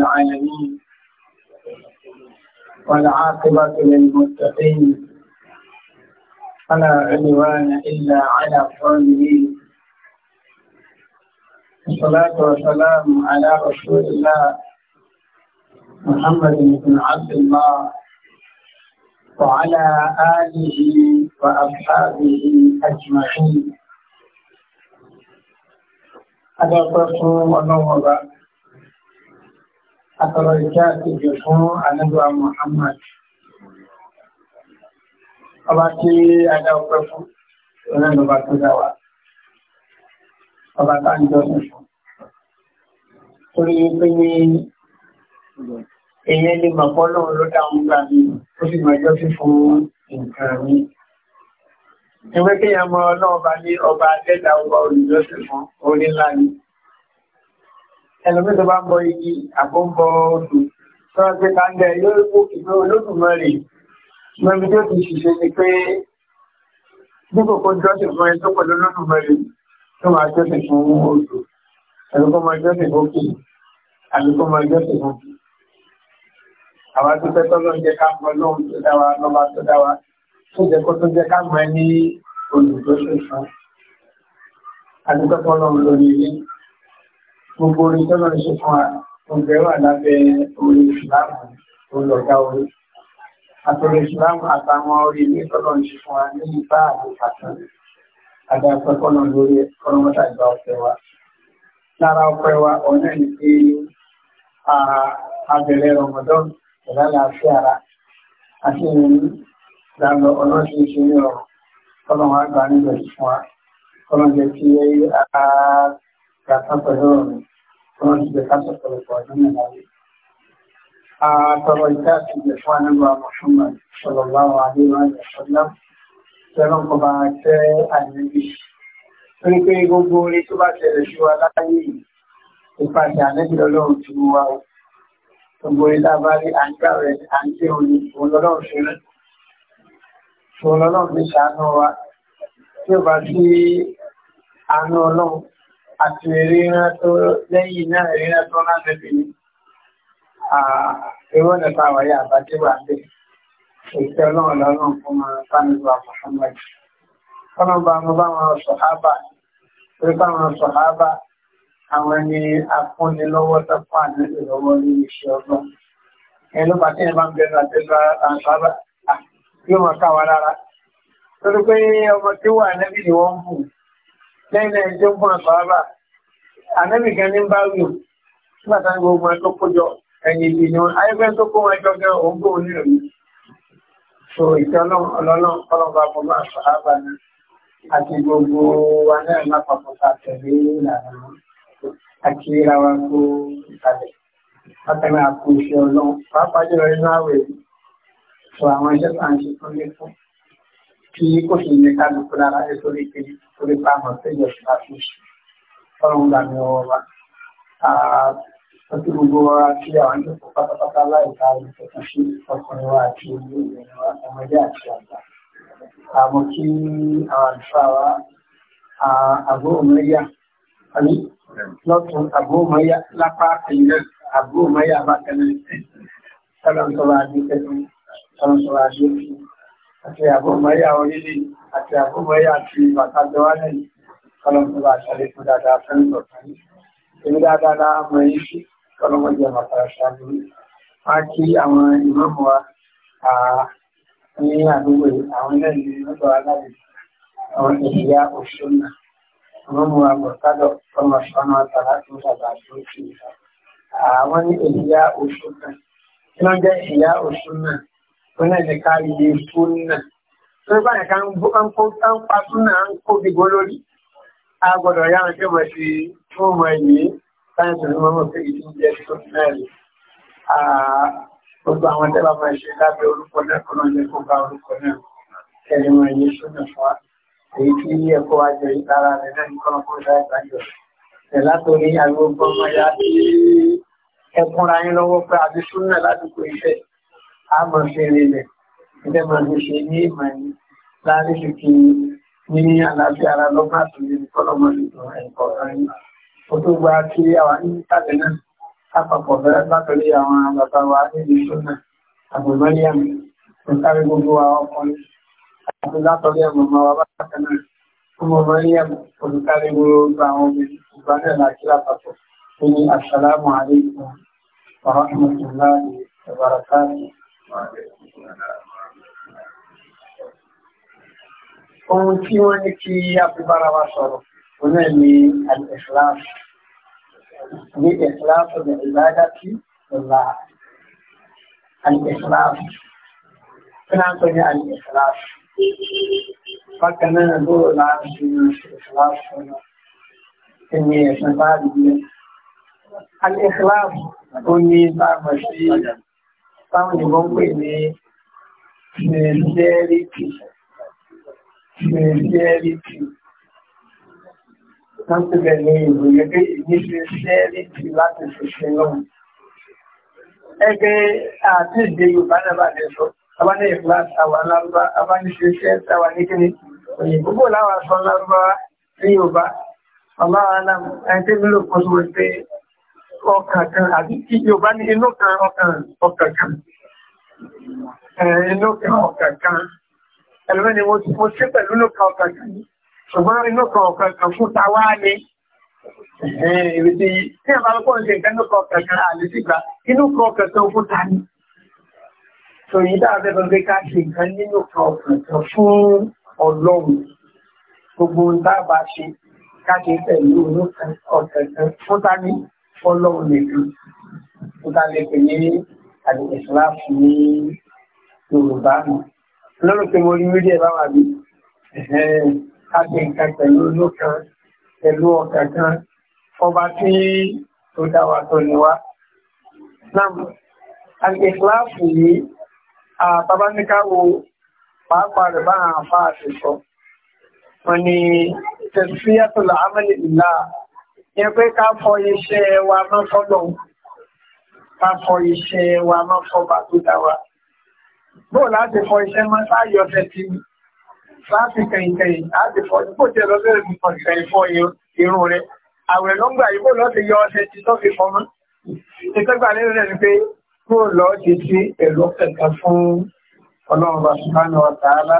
العالمين والعاقبة للمتقين فلا عدوان إلا على الظالمين الصلاة والسلام على رسول الله محمد بن عبد الله وعلى آله وأصحابه أجمعين هذا قسم ونوبة àtọ̀rọ̀ ìjá àti ìjọ fún àlẹ́gbà Muhammad ọba tí a dá ọpẹ́ fún ọlẹ́lọ́ba tó dáwà ọba tá ń jọ fún torí pé ní èyẹ lè mọ̀pọ̀ lọ́wọ́ ló dáhùn gbà mí ó sì mọ̀jọ́ sí fún nǹkan mi ìwé kéèyàn mọ ní ọba adẹ́dà ọba olùjọ́sìn fún orí ńlá ẹlòmí tó bá ń bọ igi àbọ̀nbọ̀ odò tó ń gbé kàńgẹ́ yóò kó ìwé olódùmarè mẹ́bí tó ti ṣiṣẹ́ ni pé bí kòkó jọ́sìn fún ẹ tó pẹ̀lú olódùmarè tó máa jọ́sìn fún odò àlùkò máa jọ́sìn fún kì àlùkò máa jọ́sìn fún kì. àwa tó fẹ́ tọ́lọ́ jẹ́ ká mọ lóhun tó dá wa lọ́ba tó dá wa tó jẹ́ kó tó jẹ́ ká mọ ẹ ní olùdóṣèṣàn. àdúgbò tọ́lọ́ gbogbo orin tó lọ́rin ṣe fún wa ọgbẹ́ wà lábẹ́ orin ìsìláàmù olùọ̀gá orí àtọ̀rọ̀ ìsìláàmù àtàwọn orin ilé tó lọ́rin ṣe fún wa ní ìbá àti pàtàn àdàpẹ́ kọ́nà lórí kọ́nàmọ́tà ìgbà ọ̀fẹ́ wa lára ọpẹ́ wa ọ̀nà ní pé abẹ̀rẹ̀ rọmọdọ́n ìlà láàfin ara àti ìrìn ìlànà ọ̀nà tí ń ṣe ní ọ̀rọ̀ kọ́nà wa gbà nílò ìfún ìyàtọ̀ pẹ̀lú ọ̀rẹ́ tó ń ṣe káṣọ pẹ̀lọpọ̀ ọdún mẹ́ta rí. Àtọ̀rọ̀ ìta ti jẹ fún Anábà Mùsùlùmí alaihi wa sallam tẹ́lọ̀ kọ bá jẹ́ àìrẹ́bí. Torí pé gbogbo orí tó bá ṣẹlẹ̀ sí wa láyé ìpàdé ànẹ́bí lọ́lọ́run ti mú wa o. Gbogbo orí tá a bá rí à ń rẹ̀ à ń òun lọ́lọ́run ṣe rẹ̀. Òun lọ́lọ́run àti ríran tó lẹ́yìn náà ríran tó ránṣẹ́ bí i ẹwọ́n nípa àwáyé àbájẹ́ wà ń bẹ̀ ìfẹ́ ọlọ́run lọ́rùn fún ma fánilú Muhammad ọlọ́ba mo bá wọn sọ̀hábà torí bá wọn sọ̀hábà àwọn ẹni afúnilọ́wọ́ tó fà nílùú lọ́wọ́ ní iṣẹ́ ọgbọ́n ẹni ló bá tí ẹ bá ń bẹ̀rẹ̀ àti ẹgbẹ́ àṣàbà yóò máa káwa lára torí pé ọmọ tí wà níbi ni wọ́n ń lẹ́yìn náà jẹ́ fún àkọ́wábà anẹ́bìkan ní bá wù nígbàtà gbogbo ẹ̀ tó kójọ ẹ̀yìn ìdí ni wọn ayẹ́fẹ́ tó kó wọn jọ gan òun gbóhùn so ìtọ́nà ọlọ́lọ́ ọlọ́ba bọ́ máa sọ àbá ní àti gbogbo wa náà lápapọ̀ ta tẹ̀lé ìlànà àti ìra wa kó ìkàlẹ̀ látàrí àkóso ọlọ́run pàápàá jùlọ inú àwẹ̀ sọ àwọn iṣẹ́ tá à ń ṣe fún kí kò sì ní kálukú lára ẹ torí pé torí pé àmọ̀ sẹ́yìn ọ̀sùn láti ọlọ́run gbà ní ọwọ́ wa ọdún gbogbo wa tí àwọn ìjọba pátápátá láìka ìfẹ̀kùn sí ọkùnrin wa àti obìnrin wa ọmọdé àti àgbà àmọ́ àti àbọ̀mọ́yà orílẹ̀ àti àbọ̀mọ́yà àti ìbàtàdọ́wálẹ̀ kọlọ̀mọ́bà àṣàlẹ̀ fún dáadáa fẹ́ràn lọ́kàn yìí. Èmi dáadáa la mọ̀ yìí sí kọlọ̀mọ́jẹ́ àmàkàrà ṣáájú yìí. Wá kí àwọn ìmọ̀mọ̀ wa ní àdúgbò àwọn ilé ìlú lọ́dọ̀ aláàbò àwọn ìyá òṣùnà. Ìmọ̀mọ̀ wa bọ̀tádọ̀ ọmọ ṣọ́nà àtàlá tó dàgbà tó ti. Àwọn ìyá òṣùnà. Kí ìyá òṣùnà? wọn náà lè kárí iye súnà wọn bá yẹn ká ń kó ń pa súnà ń kó dìbò lórí a gbọ́dọ̀ yá wọn tí wọn ti fún ọmọ yìí sáyẹnsì ní wọn mọ pé ìdí ń jẹ tó náà rè gbogbo àwọn tẹ́lá máa ṣe lábẹ́ orúkọ náà kọ́ náà lè kó bá orúkọ náà kẹrin wọn yé súnà fún wa èyí tí ẹ̀kọ́ àjọ ìtara rẹ̀ náà nìkan kó dá ìtàjọ rẹ̀ látòrí àwọn ọgbọ́n ọmọ ya tí ẹkùnra yín lọ́wọ́ pé àbí súnà ládùúgbò iṣẹ́ a mọ̀ fi rinlẹ̀ ẹgbẹ́ máa ní ṣe ní ìmọ̀ ní láàrin sì kí ní àlàáfíà ara lọ́gbà tó lè kọ́lọ́mọ ìtàn ẹ̀kọ́ ọ̀rin ó tó gba kí àwa ní ìtàgé náà àpapọ̀ bẹ̀rẹ̀ látọ̀lé àwọn bàbá wa níbi sọ́nà àgbẹ̀mọ́lẹ́yà tó kárí gbogbo àwọn ọkùnrin àti látọ̀lé àwọn ọmọ wa bákan náà ọmọ mọ́lẹ́yà olùkárí gbogbo àwọn obìnrin ìgbàlẹ̀ láti lápapọ̀ ní assalamu alaikum wa rahmatullahi wa barakatuh Ohun tí wọ́n ní kí a fi bára wa sọ̀rọ̀, òun náà ni al-ikhlas. Ní ikhlas ọ̀nà ìbádàtì lọ́la. Al-ikhlas. Kíná ń pè ní al-ikhlas. Bákan náà lóòrò láàrin ikhlas ọ̀nà. Ẹni ẹ̀sán bá rí Al-ikhlas, ó ní bá mọ̀ sí táwọn ìbò ń pè ní sincerity sincerity wọ́n ti bẹ̀ ní ìbò gẹ́gẹ́ ní sincerity láti ṣiṣẹ́ náà ẹgbẹ́ àti ìdè Yorùbá náà bá lè sọ abáni ìfúláṣà àwọn alárúbá abáni ṣiṣẹ́ tàwà ní kíni òyìnbó bò láwọn aṣọ alárúbá ní Yorùbá ọlọ́run ẹni tí mílò kọ́sùwẹ̀ pé ọkàn kan àbí tí yóò bá ní inú kan ọkàn ọkàn kan inú kan ọkàn kan ẹlẹ́mẹ́ ni mo ṣe pẹ̀lú inú kan ọkàn kan ṣùgbọ́n inú kan ọkàn kan fún ta wá ní ìrètí tí ẹ̀bá lọ́pọ̀ ń ṣe nǹkan inú kan ọkàn kan àlè sígbà inú kan ọkàn kan fún ta ní so yìí dáadẹ́ bẹ́ẹ̀ pé ká ṣe nǹkan nínú kan ọkàn fọ́lọ́wọ́ nìkan tó bá lè pè ní àdìgbò ìsìláàfù ní yorùbá mi lọ́rọ̀ pé mo rí mídíà báwa bí káàkiri nǹkan pẹ̀lú olú kan pẹ̀lú ọ̀kà kan ọba tí tó dá wa tó ní wa. Nam àdìgbò ìsìláàfù yìí bàbá ní káwo pàápàá rẹ̀ bá àwọn afá àti sọ. Wọ́n ní tẹ̀síyàtọ̀ làámẹ́lì ìlà ni pé ká fọ iṣẹ́ wa mọ́ fọ́lọ̀ ká fọ iṣẹ́ wa mọ́ fọ́bà tó dá wa bóò láti fọ iṣẹ́ mọ́ sáyọ̀ fẹ́ ti láti kẹ̀yìnkẹ̀yìn láti fọ ní kò tẹ́ lọ bẹ̀rẹ̀ mi kọ̀ọ̀kẹ̀ ìfọ irun rẹ̀ àwẹ̀ ló ń gbà yìí bóò lọ́ ti yọ ọṣẹ ti tó fi fọ mọ́ ìtọ́gbà lérò rẹ̀ ni pé bóò lọ́ ti sí ẹ̀rọ kẹ̀kẹ́ fún ọlọ́run bàṣùmánù ọ̀tàálá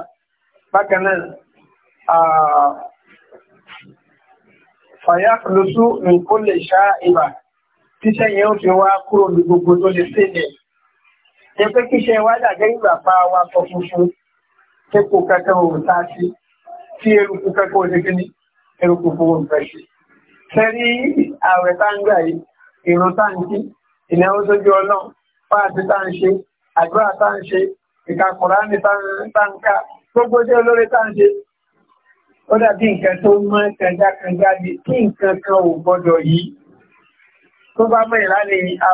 bákan náà fàyà lóṣù nǹkan lè ṣá ìbà tíṣẹ́ yẹn ó fi wá kúrò ní gbogbo tó lè sílẹ̀ ẹ pé kíṣẹ́ wá dàgẹ́ ìgbà pa wa sọ funfun pé kò kẹ́kẹ́ ò ta sí tí eruku kẹ́kẹ́ ò dégbé ní eruku fowó ń fẹ́ sí. sẹ́rí ààrẹ tá ń gbà yìí ìrun tá ń kí ìnáwó sójú ọlọ́run fáàtì tá ń ṣe àdúrà tá ń ṣe ìkàkùnrání tá ń ká gbogbo dé olórí tá ń ṣe ó dàbí nǹkan tó mọ́ kànjákànjá ní tí nǹkan kan ò gbọ́dọ̀ yìí tó bá mọ̀ ìlànà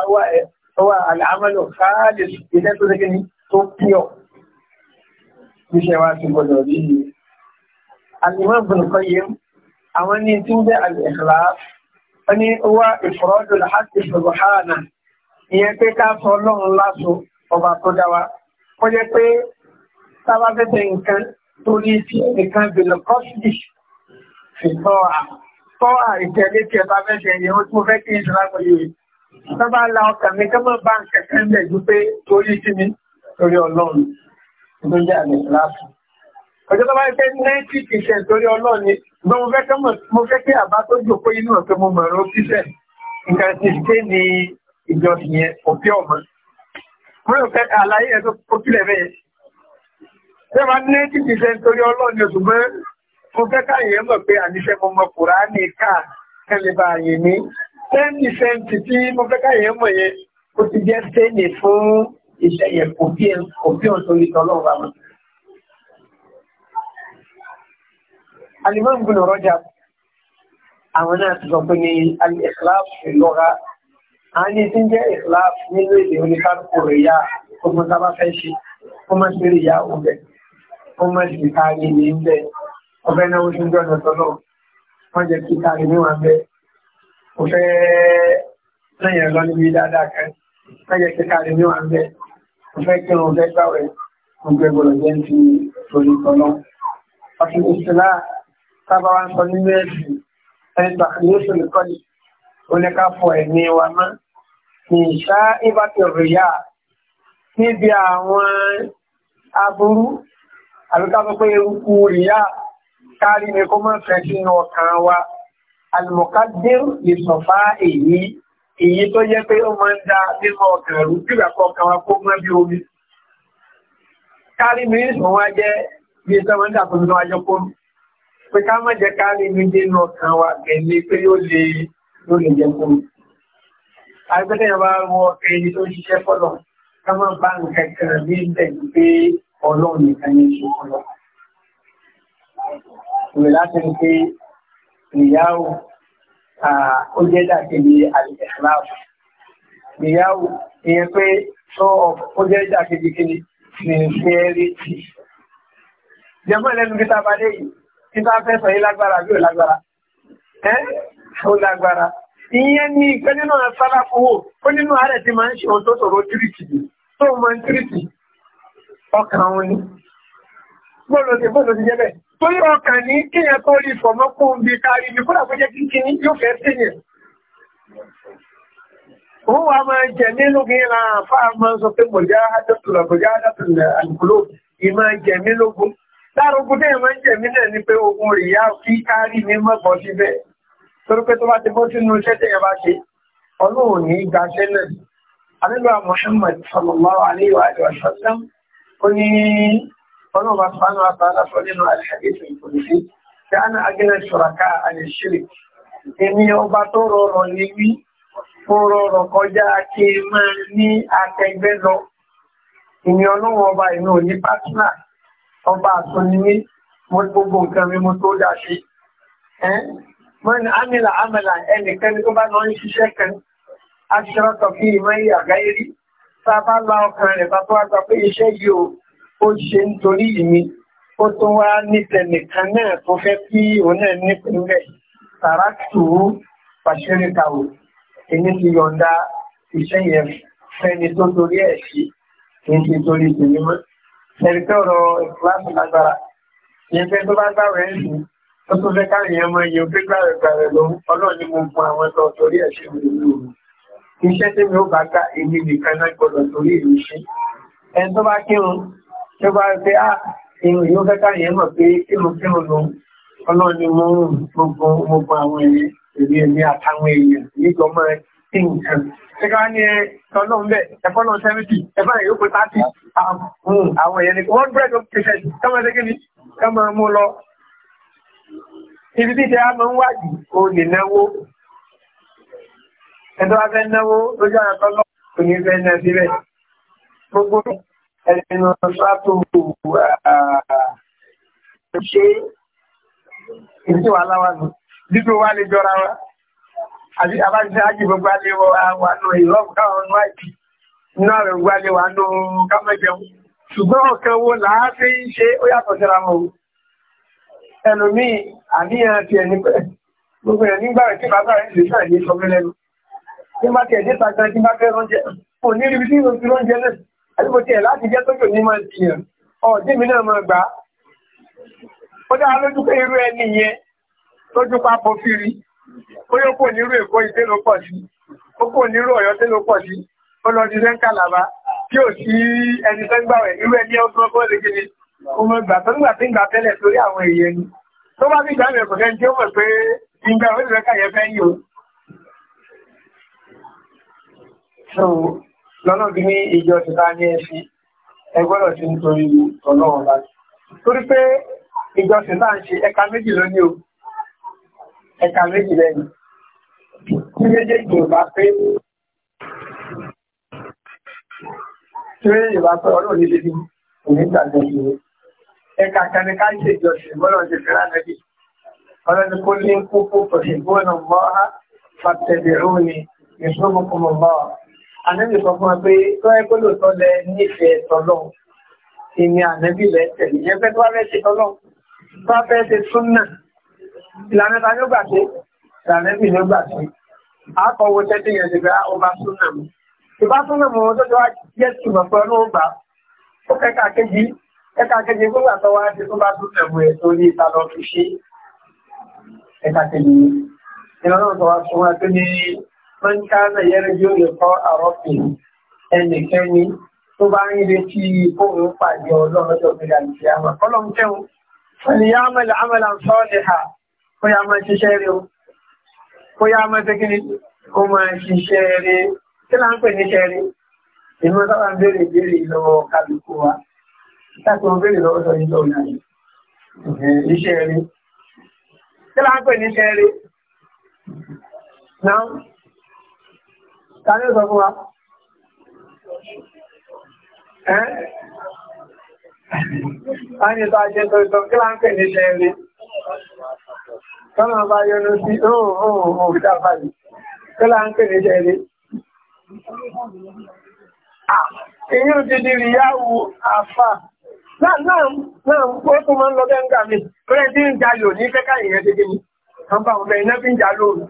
àwọ̀ àlàámọ́lò káàdì ilẹ̀ tó dẹ́gẹ́ ní tó píọ̀ níṣẹ́ wá sí gbọ́dọ̀ rí ni àlùmọ́ bùnkan yìí àwọn ní tí ń jẹ́ àlùkàlá ó ní owó ìfọ̀rọ̀dù láti ṣòro hàánà ìyẹn pé ká sọ ọlọ́run láṣọ ọba tó dá wa ó jẹ́ pé sábà nǹkan torí tí ẹ̀kan gbèlọ̀ kọ́sìdì fi tọ́ra tọ́ra ìtẹ̀lé tí ẹba mẹ́sẹ̀ ni ó tún fẹ́ kí n sọ́ra pẹ̀lú rẹ̀ tọ́bá la ọkà mi kọ́mọ̀ bá ń kẹ̀kẹ́ ń lẹ̀jú pé torí tí mi torí ọlọ́run ló jẹ́ àmì láàfù ọjọ́ tó bá ń pẹ́ ninety percent torí ọlọ́run ni gbọ́n mo fẹ́ kọ́mọ̀ mo fẹ́ kí àbá tó jòkó inú ọ̀pẹ mo mọ̀ ẹ̀rọ fífẹ̀ nǹkan ti ṣe ní ìjọsìn yẹn òfin ọ̀mọ́ mo rò fẹ́ àlàyé ẹ̀ tó kókílẹ̀ bẹ́ẹ̀ Ṣé máa ní títí ṣe ń torí ọlọ́ni oṣù mẹ́ mo fẹ́ káyẹ̀ mọ̀ pé àníṣẹ́ mo mọ Kùránì ká kẹ́lẹ̀ bá yè mí. Ten percent tí mo fẹ́ káyẹ̀ mọ̀ yẹn ó ti jẹ́ sẹ́yìn fún iṣẹ́ yẹn kò bí òun torí tọ́lọ́ wa mọ̀. Àlìmọ́ ń gbọ́nà rọ́jà àwọn náà ti sọ pé ní alìkíláàsì lọ́ra. A tí ń jẹ́ ìkíláàsì nílé èdè oníkálukú yá ọmọ tábà fẹ́ ṣe, ó máa ó mọ̀ sí káàrí ní ilẹ̀ ọbẹ̀ náà ó tún jọ́nà tọ́lọ̀ wọ́n jẹ́ kí káàrí níwà ń bẹ́ ó fẹ́ lẹ́yìn lọ níbi dáadáa kan wọ́n jẹ́ kí káàrí níwà ń bẹ́ ó fẹ́ kí wọn fẹ́ gbàwẹ̀ ó gbẹ gbọdọ̀ jẹ́ ń fi torí tọ́lọ́ ọ̀sìn ìṣẹ̀lá sábà wá ń sọ nínú àbíká sọ pé eruku rìyà kárí ni kó máa fẹ́ sínú ọkàn wa almuqaddir ìsọ̀fá èyí èyí tó yẹ pé ó máa ń dá nínú ọkàn rú bí ìgbà kọkàn wa kó mọ́ bí omi kárí mi ìsọ̀ wá jẹ́ bí i sọ́mọ́ nígbà tó ń lọ ajọ́ kó pé ká má jẹ́ kárí mi nínú ọkàn wa gẹ̀ẹ́lé pé yóò lè jẹ́ kó mi àgbẹ́tẹ̀yàn bá wọ ẹni tó ṣiṣẹ́ fọ́lọ̀ ká má bá nǹkan kan ní ìbẹ̀ pé ọlọ́run nìkan ní ṣokọ́ lọ. Ìwé láti rí pé ìyáwó ó jẹ́ dàkejì àlìkàláàbù. Ìyáwó ìyẹn pé ó jẹ́ dàkejì kí ni sincerity. Jẹ́mọ́ ìlẹ́nu bí tá a bá dé yìí, tí bá fẹ́ sọ yí lágbára bí ò lágbára. Ẹ́ ó lágbára. Ìyẹn ni ìgbẹ́ nínú sáláfowó, ó nínú ààrẹ ti máa ń ṣe ohun tó sọ̀rọ̀ tírìtì tó máa ń tírìtì ọkàn wọn ni bọ́lọ̀dé bọ́lọ̀dé jẹ́ bẹ́ẹ̀ torí ọkàn ní kíyàn tó rí fọ̀mọ́kún bí kárí ní kúrò àpẹjẹ́ kíkí ní yóò fẹ́ sí yẹn wọ́n wá máa jẹ nínú gíra fáà máa sọ pé mọ̀já àdọ́tùlọ̀ mọ̀já àdọ́tùlọ̀ àlùkùlò ìmọ̀ jẹ mílógún lárogun dé ìmọ̀ jẹ mílẹ̀ ní pé ogun rẹ̀ yá fi kárí ní mọ̀bọ̀ síbẹ̀ torí pé tó bá ti bọ́ sínú iṣẹ́ tẹ̀yẹ bá ṣe ọlọ́run ní ìgbàṣẹ́ náà alẹ́lọ́wà Muhammad sallallahu alaihi wa sallam ó ní ọlọ́ọ̀bá sánú àtàlá sọ nínú àlẹ́hàdìsì ìpòlìsí tí a ní agẹ́rẹ́ ṣọ̀ràká àlẹ́ṣìrì èmi ọba tó rọrọ̀ ní wí mo rọrọ̀ kọjá kí n máa ní akẹgbẹ́ lọ ìní ọlọ́wọ́n ọba ìlú òní pátínà ọba àtúnimí mo gbogbo nǹkan mi mo tó dá tàbá la ọkàn rẹ̀ bá tó àgbà pé iṣẹ́ yìí o ó ṣe ń torí ìmí ó tó wá ní tẹnìkan náà tó fẹ́ kí òun náà nípínlẹ̀ tàràtù pàṣẹríkàwò èyí ti yọ̀ǹda iṣẹ́ yẹn fẹ́ni tó torí ẹ̀ sí èyí ti torí ìsinmi mọ́ ẹ̀ríkẹ́ ọ̀rọ̀ ìfúláṣì lágbára ìyẹn fẹ́ tó bá gbàwẹ̀ ẹ̀ sí ó tó fẹ́ káàrin ẹmọ iye ó fẹ́ gbàwẹ̀ gbàwẹ̀ lòun ọlọ́ọ̀ ni mo gun àwọn ẹ̀tọ́ torí ẹ̀ sí òun iṣẹ́ tí mi ó bá ká èmi nìkan náà gbọdọ̀ torí ìlú ṣe ẹni tó bá kírun tó bá rí pé á irun yóò fẹ́ káyẹ̀ mọ̀ pé kírun kírun lòun ọlọ́run ni mo ń gbogbo gbogbo àwọn ẹ̀yẹ èmi èmi àtàwọn èèyàn nígbà ọmọ ẹ tí nǹkan ṣe ká ní ẹ tọ́lọ́run bẹ́ẹ̀ ẹ̀fọ́ náà sẹ́mìtì ẹ̀fọ́ náà yóò pé tààtì ah, hmm, àwọn èèyàn ní one bread of patient kọ́mọ ṣe kíni kọ́mọ mú lọ ibi tí ṣe ẹ̀dọ́ afẹ́ náwó lójú àtọ́lọ́ kò ní fẹ́ náà síbẹ̀ gbogbo ẹ̀rìnà sátò ṣe ìtí wà dídò wà lè jọra wa àti àbájá ájì gbogbo alẹ́ wà nù ìlọ́pù káwọn nù àìkì nínú ààrẹ gbogbo alẹ́ wà nù kámẹ́jẹun ṣùgbọ́n ọ̀kan wo láàáfẹ́ ń ṣe ó yàtọ̀ síra mọ́ ẹlòmíì àníyàn ti ẹni gbogbo ẹ̀ ní bá tẹ̀ déta kan tí bá fẹ́ rọ́njẹ́ kò ní ibi tí ìròyìn rọ́njẹ́ náà àdúgbò tí ẹ̀ láti jẹ́ tó jò ní máa ti yàn ọ̀dí mi náà máa gbà á ó dá lójú pé irú ẹni yẹn lójú papọ̀ fìrí ó yóò kò nírú èkó ìdé ló pọ̀ sí ó kò nírú ọ̀yọ́ tẹ́ ló pọ̀ sí ó lọ sí sẹ́ńkàlàbá tí ò sí ẹni sẹ́ńgbàwẹ̀ irú ẹni ọdún ọgbọ́n lè gidi ó mọ so lọ́nà bí ní ìjọ ti bá ní ẹ̀sìn ẹgbọ́dọ̀ sí nítorí ọlọ́run láti torí pé ìjọ sì náà ń ṣe ẹ̀ka méjì lónìí o ẹ̀ka méjì lẹ́yìn tí méjèèjì ò bá pé tí méjèèjì bá pé ọlọ́run nílé ní onígbàgbọ́ sí i ẹ̀ka kan ká ṣe ìjọ sí gbọ́dọ̀ ṣe fẹ́ràn nẹ́bí ọlọ́run kó ní kókó pọ̀ṣẹ̀gbọ́n náà mọ́ ànábì sọ fún wa pé tó ẹ pé lóòótọ́ lẹ nífẹ̀ẹ́ tọ́lọ́ ìní ànábì lẹ tẹ̀lé yẹn fẹ́ tó wá fẹ́ ṣe tọ́lọ́ tó wá fẹ́ ṣe súnà ìlànà ta ló gbà ṣe ìlànà bí ló gbà ṣe àkọwò tẹ́tí yẹn ti gba ọba súnà mu ìbá súnà mu tó tó wá jẹ́ tùmọ̀ pé ọlọ́run gbà ó kẹ́kà kejì ẹ̀ka kejì gbogbo àtọwà ti tó bá tún ẹ̀bù ẹ̀ torí ìta lọ fi ṣe ẹ̀ka kejì ìlànà tó wá sọ wá tó ní man kana yarju liqa'a rabbih ẹnikẹ́ni tó bá ń retí òun pàdé ọlọ́rọ̀jọ́ pé àlùfíàmà kọ́lọ́m tẹ́wọ̀n fẹ̀lìyàmẹ̀lẹ̀ àmàlà sọ́ọ̀lẹ̀hà kó yá máa ṣiṣẹ́ rẹ̀ o kó yá máa tẹ́kìní kó máa ṣiṣẹ́ rẹ̀ kí là ń pè níṣẹ́ rẹ̀ ìmọ̀ sábà ń béèrè ìbéèrè lọ́wọ́ kálukú wa láti wọn lọ́wọ́ sọ ilé ọ̀la iṣẹ́ rẹ̀ kí là ń pè níṣẹ́ rẹ̀ náà Tàbí sọ fún wa? Ẹ́ a ní ìta jẹ́ tó ìtọ́ kí láńpẹ̀ ní ṣe rí. Tọ́nà bá yọnu sí oòrùn òkúta fàájì. Kí láńpẹ̀ ní ṣe rí. Èyí ò ti di ìyáwó àfà. Náà náà náà ó tún máa ń lọ bẹ́ńgà mi. Bẹ́ẹ̀ tí ń jalò ní kẹ́kà ìyẹn ti gbé mi. Àwọn bá wọn bẹ̀rẹ̀ náà fi ń jalò rẹ̀.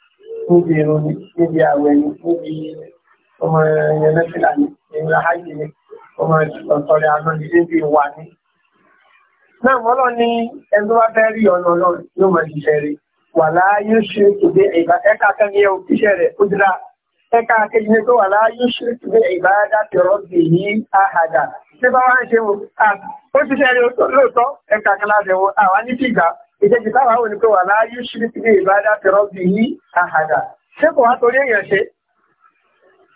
níbi irun ni níbi àwẹ̀ ni níbi ọmọ ẹ̀yẹ̀lẹ́fìlà ni ìrìn àhájì ni ọmọ ìtọ̀tọ̀rẹ̀ àná ni níbi ìwà ni. náà mọ́lọ́ ni ẹni wá fẹ́ rí ọ̀nà náà yóò máa ṣiṣẹ́ rí wà láyé ṣe tòde ìgbà ẹ̀ka kẹ́ni ẹ̀ òṣìṣẹ́ rẹ̀ ó dira ẹ̀ka kejì ni pé wà láyé ṣe tòde ìgbà ẹ̀dá tẹ̀rọ bèyí àhàdà ṣé bá wá ń ṣe wò ó ṣiṣẹ́ rí lóòótọ́ ẹ̀ka kan láti wọ àwa ní fìgbà ìkejì táwọn àwọn oníkó wà láyé ṣírí ti ní ìbádá tẹ̀rọ bí ní àhàdà ṣé kò wá torí èèyàn ṣe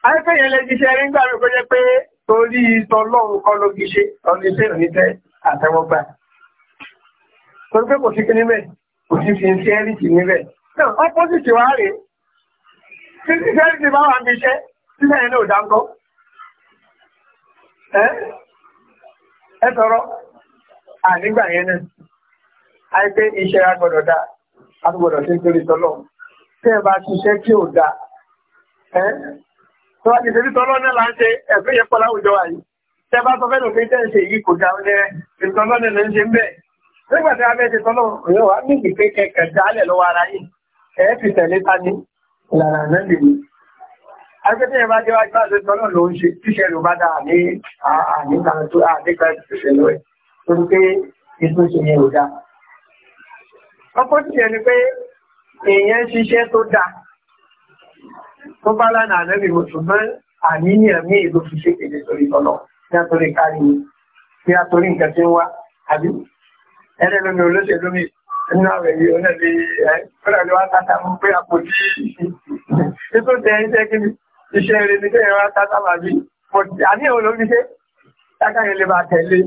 àìpẹ́ yẹn lè jíṣẹ́ rí gbà mí kó jẹ́ pé torí tọlọ́run kọ́ ló gíṣẹ́ ọdún iṣẹ́ ìrìnṣẹ́ àtẹwọ́gbà torí pé kò sí kíní bẹ́ẹ̀ kò sí fi ń ṣe rí ti níbẹ̀ náà ọ́pọ́sìtì wá rèé tí ṣiṣẹ́ ti bá wà ń fiṣẹ́ sílẹ̀ yẹn ní òdáńkọ́ ẹ sọ̀rọ̀ ànígbà yẹn náà àìpé iṣẹ́ agbọ́dọ̀ dá agbọ́dọ̀ sí torí tọ́lọ́ tí ẹ bá ṣiṣẹ́ tí ò dá ẹ́ tó wá tọ́lọ́ náà ẹ̀fẹ́ pọ̀ láwùjọ yìí bá sọ fẹ́lò tẹ́ǹṣe yìí kò ọ̀nẹ́ ìtọ́lọ́ náà ń ṣe ń bẹ̀ nígbà tí a ti tọ́lọ́ dálẹ̀ lọ́wọ́ ara yìí ẹ̀ fi tẹ̀lé ta náà lè jẹ́ wájú tọ́lọ̀ ló ń ṣe tíṣẹ́ ló ọkọ̀ tí ẹni pé èèyàn ṣiṣẹ́ tó dáa tó bá lánàá lẹ́bí mùsùlùmí àníyàn ní ìlú fi ṣe kéde sórí lọ́nà ní àtòrí kárí ní àtòrí nǹkan tí ń wá àbí ẹni lómi olóṣèlú mi nínú àwẹ̀ yìí ó lẹ́bi ẹ̀ fúnra ni wọ́n tata mú pé àpò tí ètò tẹ iṣẹ́ kí ni iṣẹ́ rẹ̀ ní kẹ́yìn wọ́n tata mà bí àníyàn ló fi ṣe tákàyè lè bá tẹ̀lé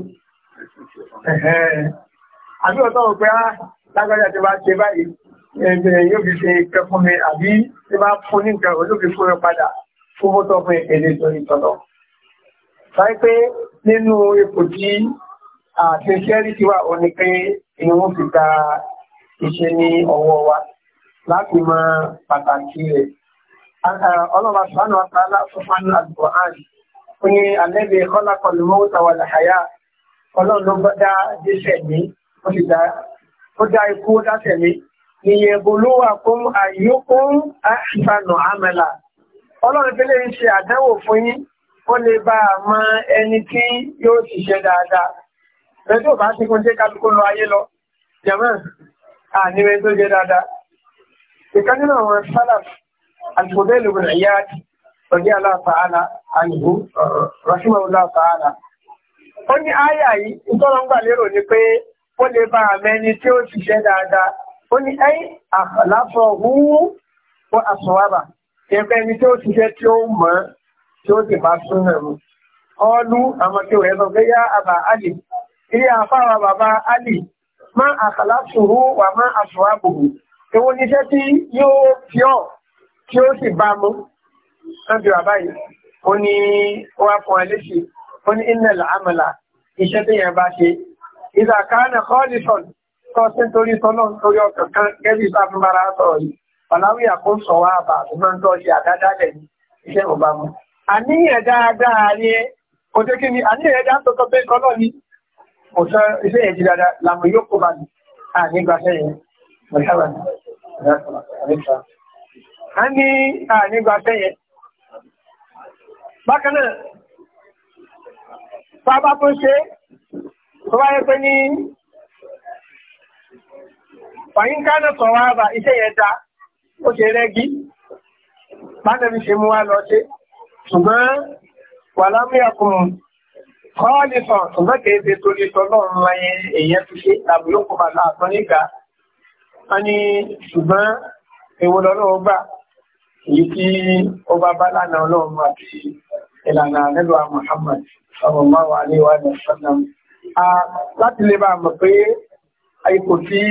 àbí ọ̀tọ̀ òpin á ah, lágbàjá ti bá ṣe báyìí ẹgbẹ̀rẹ̀ yóò fi ṣe ìkẹ́ fún mi àbí tí bá fún ní nǹkan olóògbé fún ẹ padà fún mọ́tọ́ fún ìpele tó ní tọ́lọ. sáyé pé nínú ipò tí àti sẹ́rí ti wà ó ní pé ìwọ̀n fi ta iṣẹ́ ní ọwọ́ wa láti mọ pàtàkì rẹ̀. ọlọ́run àṣánù àtàlà fúnfánú àlùkòhán ó ní alẹ́bí kọ́lákọlù mọ́wútà wà láhàyà ọlọ́run ló bá dá ó dá ikú ó dátẹ̀mí ìyẹ̀bò ló wà fún àyíkún àìsànà àmàlà ọlọ́run tí lè ń ṣe àdánwò fún yín ó lè bá a mọ ẹni tí yóò ṣiṣẹ́ dáadáa ẹjọ́ bá ti kún jẹ́ kálukú lọ ayé lọ jẹ̀mọ́ àníwẹ̀ tó jẹ́ dáadáa ó ní áyà yìí ń ń gbà lérò ní pé ó lè bá àmẹ́ni tí ó ṣiṣẹ́ dáadáa ó ní ẹ́yìn àlàfọ̀ wúwú fún àṣọwábà ẹgbẹ́ ẹni tí ó ṣiṣẹ́ tí ó mọ̀ tí ó sì bá súnmọ̀ mu ọlú àwọn tí ó rẹ̀ sọ pé yá àbà alì ilé àfáwà bàbá alì má àkàlàfùrú wà má àṣọwábùrù ewu níṣẹ́ tí yóò fi ọ́ tí ó sì bá mú láti wà báyìí ó ní ó fún alẹ́ sí ó ní ìnẹ̀lẹ̀ àmàlà iṣẹ́ tí yẹn bá ṣe ìdàkánà kọ́lìṣọ̀n tó sí torí tọ́lọ́n torí ọkàn kan gẹ́bí sáfúnbára sọ̀rọ̀ yìí ọ̀láwí àkóso wa àbà àtúmọ̀ tó ṣe àdádálẹ̀ ní iṣẹ́ ìbámu. àníyàn dáadáa ni ẹ kò tẹ́ kí ni àníyàn dáa tó tọ́ pé kọ́lọ́ ni kò sọ iṣẹ́ yẹn ti làmú yóò kó bá ní ànígbàṣẹ́ yẹn mọ̀ṣáwà ní a ní ànígbàṣẹ́ yẹn bákan náà sábà tó ṣe tó bá yẹ pé ní fàyínkánà sọ̀rọ̀ àbà iṣẹ́ yẹn dá ó ṣe rẹ́gí bánàbí ṣe mú wá lọ ṣe ṣùgbọ́n wà lámúyàkùn kọ́ọ̀lì sàn ṣùgbọ́n kìí ṣe torí tọ́lọ́run láyé èèyàn fi ṣe tàbílókùn bàtà àtọ́ nígbà a ní ṣùgbọ́n èwo lọ́lọ́wọ́ Muhammad sallallahu alaihi wa sallam láti lè bá mọ̀ pé ipò tí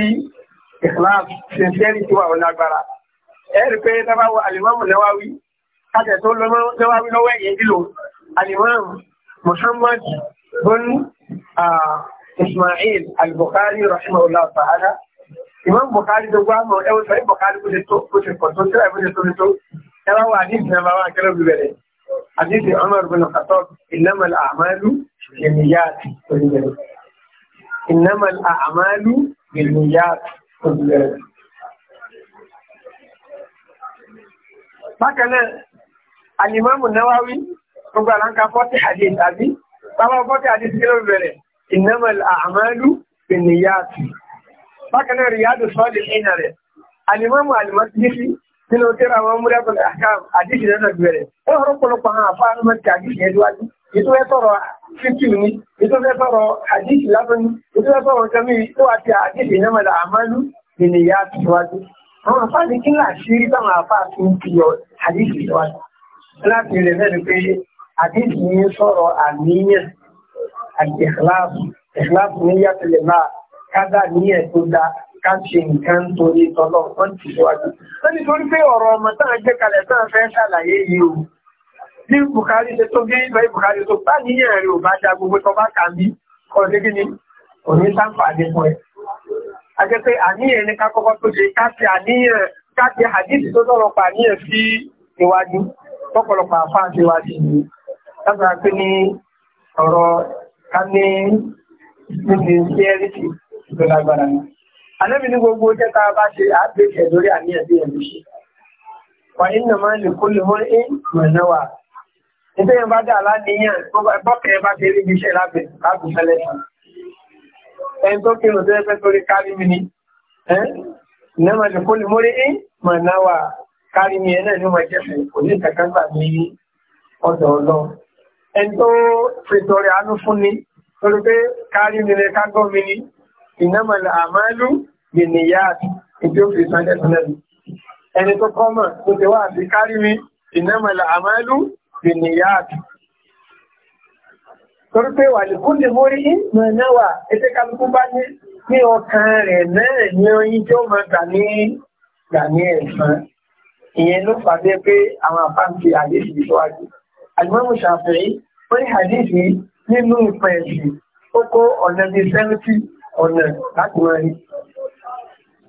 islam ṣe ń tẹ́rì tí wà wọn lágbára ẹ̀rì pé tábà wọ alimọ́mù lẹ́wàwí kájẹ̀ tó lẹ́wàwí lọ́wọ́ ẹ̀yẹ nílò alimọ́mù muhammad bin ismail al-bukhari rahimahullah ta'ala imam bukhari tó gbá mọ̀ ẹwọ́n sọ bukhari kó ṣe tó kó ṣe بالنجاح إنما الأعمال بالنجاح كلها بكنا الإمام النووي نقول عنك فوتي حديث أبي طبعا فوتي حديث كلام بره إنما الأعمال بالنيات بكنا رياض الصالح الحينري الإمام المسجدي كلو ترى ما مريض الأحكام حديث لنا بره أهرب كلو بها فارمت كاكي يدوالي يتوى يتوى fíkìlì ní ìtọ́fẹ́ sọ̀rọ̀ àdíṣì lásán ní ìtọ́fẹ́ sọ̀rọ̀ kẹmí tó àti àdíṣì ìyẹ́mọ̀lá àmálú ènìyà tìwájú àwọn àfáà ní kí láṣírí táwọn àfáà tó ń fi yọ àdíṣì ìwájú láti rẹ̀ mẹ́rin pé àdíṣì ní sọ̀rọ̀ àníyàn àti ìkìláàsù ìkìláàsù ní yàtìlẹ̀ náà kádà níyàn tó dá ká ṣe nǹkan torí tọ́lọ́ wọ́n ti síwájú. wọ́n ti torí pé ọ̀rọ̀ ọmọ táwọn gbé kalẹ̀ ní Bùkárí ṣe tó gé ìgbà Bùkárí tó bá ní ẹ̀rẹ̀ ò bá já gbogbo tó bá kà ní ọ̀dẹ́gí ni òní sáǹfààní fún ẹ. a jẹ́ pé àníyàn ní kákọ́kọ́ tó ṣe káàkiri àníyàn káàkiri àdíṣì tó sọ̀rọ̀ pa àníyàn sí iwájú lọ́pọ̀lọpọ̀ àfáà sí i látara pé ní ọ̀rọ̀ ká ní níbi ṣẹ́ẹ́rìtì tó lágbára Ìdé yẹn bá dà láníyàn, bọ́kẹ̀ bá ti rí iṣẹ́ lábẹ̀ láti fẹ́lẹ̀ sàn. Ẹni tó kírun tó yẹ fẹ́ torí kárí mi ni. Ìnáwó ṣe kó lè mórí ní mà náwà kárí mi ẹ̀ náà ní wọ́n jẹ́fẹ̀ kò ní ni, torí pé kárí mi ni ká gbọ́ mi ni. Ìnáwó àmàlú gbìnìyà ìdí òfin sàn Ẹni tó kọ́ bìnìyàtì torí pé wà lìkúndì mórí mọ̀náwà ẹgbẹ́ kálukú bá ní ní ọkàn rẹ̀ náà ní oyin tí ó mọ̀ gbà ní gbà ní ẹ̀sán ìyẹn ló fàdé pé àwọn àfáǹtì àdéhì ìṣọ́wájú àgbọ̀nmù ṣàfihì wọ́n ní àdéhì nínú ìpẹ́ ẹ̀sìn ó kó ọ̀nà bíi sẹ́ńtì ọ̀nà láti wọ́n rí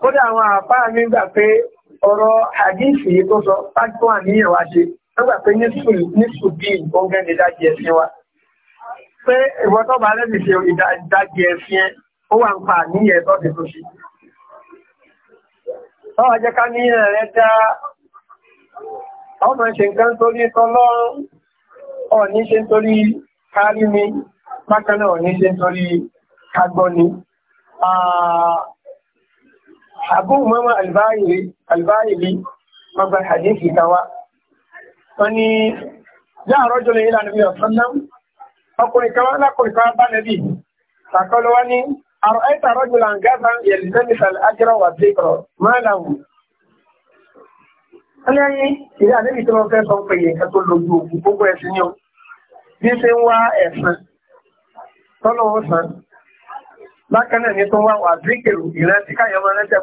kódà àwọn àfáà mi gbà pé ọ̀rọ̀ àdéhì tó sọ pátó àníyàn nígbà pé ní ṣùgbí ọgbẹ́ ní dájí ẹ̀sìn wa pé ìwọ́n tó bá lẹ́bí ṣe ìdájí ẹ̀sìn ó wà ń pa níyẹ̀ tó ti tó ṣe tọ́wọ́ jẹ́ ká ní ẹ̀rẹ́ dá ọmọ ṣe nǹkan torí tọ́lọ́run ọ̀ní ṣe torí kárí mi mákaná ọ̀ní ṣe torí kagbọ́ ni àbúrú mọ́mọ́ albáyìí wọ́n ni jáà rọ́jọ́ lè ìlànà bí ọ̀sán náà ọkùnrin kan lákùnrin kan bá nẹ́bí sàkọlọ́wọ́ ní àrọ̀ ẹ́ta rọ́jọ́ làǹgáta yẹ̀lìsẹ́mìsàl ájẹ́rọ̀ wà síkọ̀rọ̀ máa làwù ọlẹ́yìn ìyá nẹ́bí tí wọ́n fẹ́ sọ pé yẹ̀kẹ́ tó lójú òkú gbogbo ẹ̀sìn yọ bí ṣe ń wá ẹ̀sán tọ́lọ́wọ́ sàn bákan náà ní tó wá wà síkẹ̀rù ìrántí káyọ̀mọ́ rẹ̀ tẹ́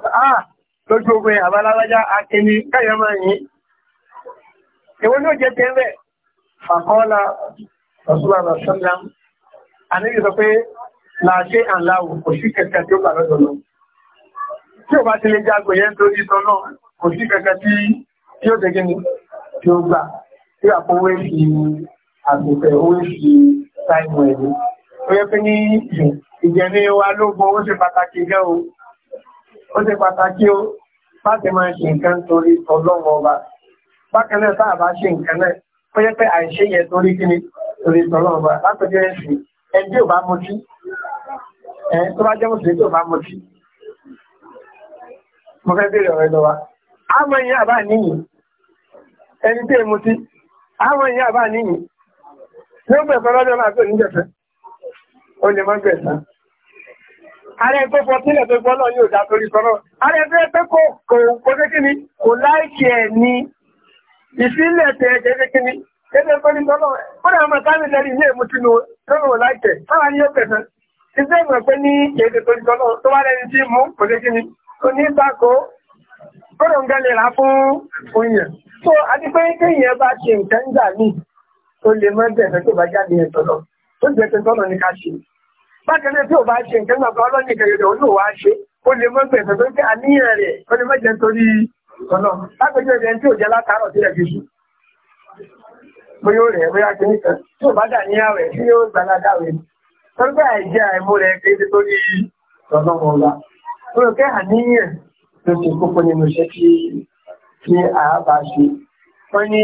èwo ní òjẹ́ jẹ́ fàkọ́ọ́lá ọ̀sùlọ́lọ́ sọ́lá àníbi sọ pé láàṣẹ àláwò kò sí kẹta tí ó bà lọ́dọ̀ lọ tí ó bá ti lè jágbò yẹn tó ní sọ náà kò sí kẹta tí yóò tẹ́gẹ́ ni tí ó gbà tí àpòwé sí àgbẹ̀fẹ̀ owó sí táìmù ẹ̀mí ó yẹ pé ní ìjẹ̀mí wa lógún ó ṣe pàtàkì gan o ó ṣe pàtàkì o láti máa ṣe nǹkan torí ọlọ́run ọba bákanáà tá àbá ṣe nǹkan náà ó yẹ pé àìṣe yẹ torí kí ni torí tọ́lọ́ ọba lápẹjọ ẹ̀sìn ẹni tí ò bá mutí ẹ tó bá jẹ́ mùsùlùmí tí ò bá mutí mo fẹ́ béèrè ọ̀rẹ́ lọ wa àmọ́ ìyá àbá níyì ẹni tí èmu ti àmọ́ ìyá àbá níyì ní ó gbẹ̀fẹ́ lọ́jọ́ náà tó níjẹ̀fẹ́ ó lè má gbẹ̀sán ààrẹ tó fọ sílẹ̀ tó gbọ́ náà yóò dá torí sọ náà ààrẹ tó yẹ pé kò kò kò sé kí ni kò láìkì ẹ̀ ní ìsílẹ̀ tẹ̀ ẹ̀jẹ̀ kíní ẹgbẹ́ pẹ́lú tọ́lọ́ ọ̀nà ọmọ káàmì lẹ́rí ilé ìmútinú tọ́lọ̀ láìpẹ́ fáwọn ní ọ̀pẹ̀ tán iṣẹ́ ìwọ̀n pé ní èdè tó tọ́lọ̀ tó wá lẹ́ni tí mú kò lé kíní tó ní ìtàkó kọ́dọ̀ ń gẹ́lẹ̀ rà fún òyìn tó àti pé kéèyàn bá ṣe nǹkan gbà mí tó lè mọ́ bẹ̀rẹ̀ tó bá jáde ẹ̀ tọ́lọ̀ jẹ́ tọ́lọ̀ ní ká ṣe tí ò bá ṣe nǹkan gbà ọ̀nà lágbèjọ́ ìrìn tí ò jẹ́ látàárọ̀ sílẹ̀ jésù bó yóò rẹ̀ bóyá kí nìkan tí ò bá dà ní àwẹ̀ tí yóò gbàládà rẹ̀ tọ́gbà àìjẹ́ àìmú rẹ̀ kéde tó ní ọ̀nà ọ̀la olùkẹ́ àníyàn ló ti kókó nínú iṣẹ́ tí tí a bá ṣe wọ́n ní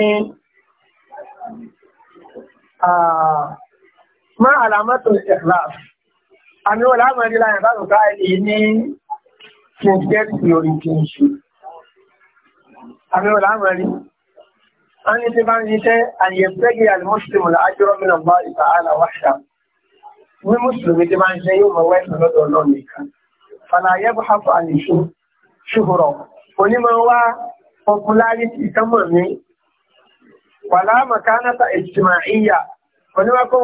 mọ́ àlàmọ́tò ìṣẹ̀lá àmì wọ́n láàmọ́ rí láyẹ̀ bá ní kí n jẹ́ lórí kí n ṣe àbẹ̀wò láàmù rí wọ́n ní tí bá ń ṣiṣẹ́ àyè pẹ́gì àlùmọ́sùlùmù láàjọ́rọ̀ mìíràn bá ìgbà àlà wáṣà ní mùsùlùmí tí bá ń ṣe yóò mọ̀ wẹ́sàn lọ́dọ̀ náà nìkan fàlàyé bó hàfà àlùṣù ṣùhùrọ̀ onímọ̀ wá popularity kánmọ̀ ní wàlá màkánátà ìjìmáìyà onímọ̀ kó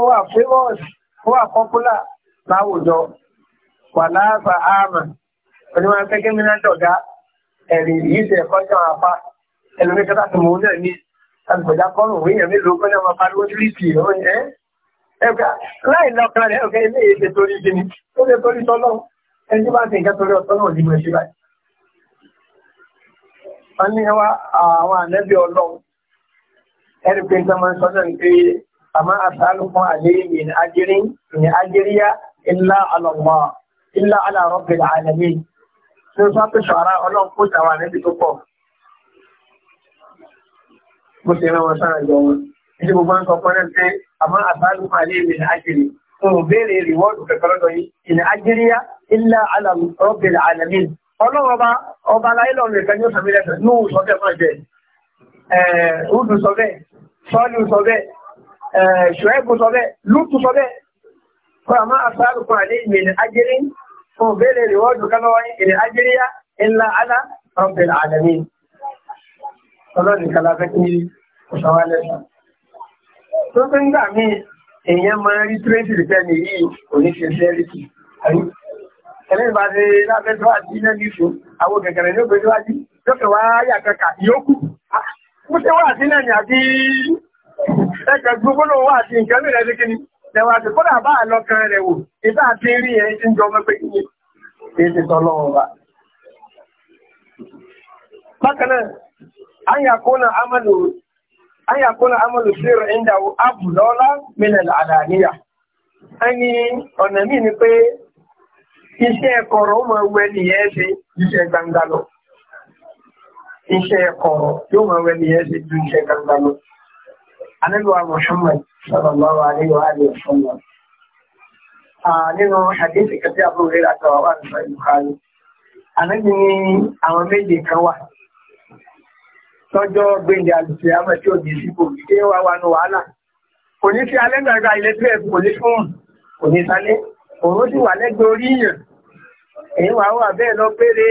dọ̀gá ẹ̀rì yìí ṣe ẹ̀kọ́ tí àwọn apá ẹlòmí kẹta tó mọ̀ náà ní àgbẹ̀dá kọ́rùn ún èèyàn mélòó kọ́ náà máa pariwo sí lìpì ìrọ̀rùn ẹ̀ ẹgbẹ́ láì lọ́kàn rẹ̀ ọ̀kẹ́ ilé èdè torí ti ni ó lè torí tọ́lọ́ ẹni tí bá ti nǹkan torí ọ̀tọ́ náà nígbà ṣe báyìí. wọ́n ní wá àwọn ànẹ́bí ọlọ́run tó sọ́pẹ́ ṣọ̀rá ọlọ́run kó ṣàwà níbi tó pọ̀ mo ṣe rán wọn sára jọ wọn ìṣe gbogbo ń kọ̀ọ̀kan náà pé àmọ́ àbálù àlẹ́ ìwé ní àjèrè fún òbéèrè rìwọ́ọ̀dù kẹ̀kọ́ lọ́dọ̀ yìí ìní àjẹríyá ilá alàrùbẹ̀ àlàmín ọlọ́run ọba ọba láyé lọ́run nìkan ní òsàmì lẹ́sẹ̀ ní òsọ bẹ́ẹ̀ máa jẹ ẹ̀ẹ́dù sọ bẹ́ẹ̀ sọ́ọ̀lù sọ bẹ́ẹ̀ ṣùẹ́bù sọ bẹ́ẹ̀ lùtù sọ bẹ́ẹ̀ kọ́ àmọ́ àbálù àlẹ́ ìwé ní àjẹríyá fún ìbéèrè rewọ́dù kálọ́wọ́ ìrìn ajíríyá ńlá alá rọ́bìn àdàmì ọlọ́ni kalafẹ́ kí ọ̀ṣọ́wá lẹ́sà tó tún gbà mí èèyàn máa rí tírẹ́sì rẹ̀ ní yìí òní ṣe na ẹlẹ́yìn bá ti láfẹ́ tó àti ilẹ̀ níṣò àwọn gẹ̀gẹ̀rẹ̀ ní ògbèjú wájú lọ́kẹ̀ wá yàtọ̀ kà yókù ah, mo ṣe wá àti náà ní lẹ́wàtí kódà bá àlọ́kan rẹ̀ wò ìbá àti rí ẹ̀ tí ń jọ mẹ́pẹ́ yìí èdè tọ́lọ́wọ́ bá bákanáà ayàkónà amàlò ayàkónà amàlò sírò ìdáwó abùlọ́lá mílẹ̀ àdáníyà ẹni ọ̀nà míì ni pé iṣẹ́ kọ̀rọ̀ ó máa wẹ nìyẹn ṣe iṣẹ́ gbangba anábíwá Muhammad sallallahu alaihi wa alihi wa sallam nínú hadith kẹtẹ àbúrò rẹ àtàwọn wà nípa ìbùkárí anábí ní àwọn méje kan wà tọjọ gbẹndẹ àlùfẹ àmọ́ tí ò ní sípò ṣé wà wà ní wàhálà kò ní sí alẹ́ gbàgbà ilé tó ẹ̀kú kò ní fún kò ní sálẹ́ òun sì wà lẹ́gbẹ̀ẹ́ orí yàn èyí wà wà bẹ́ẹ̀ lọ péré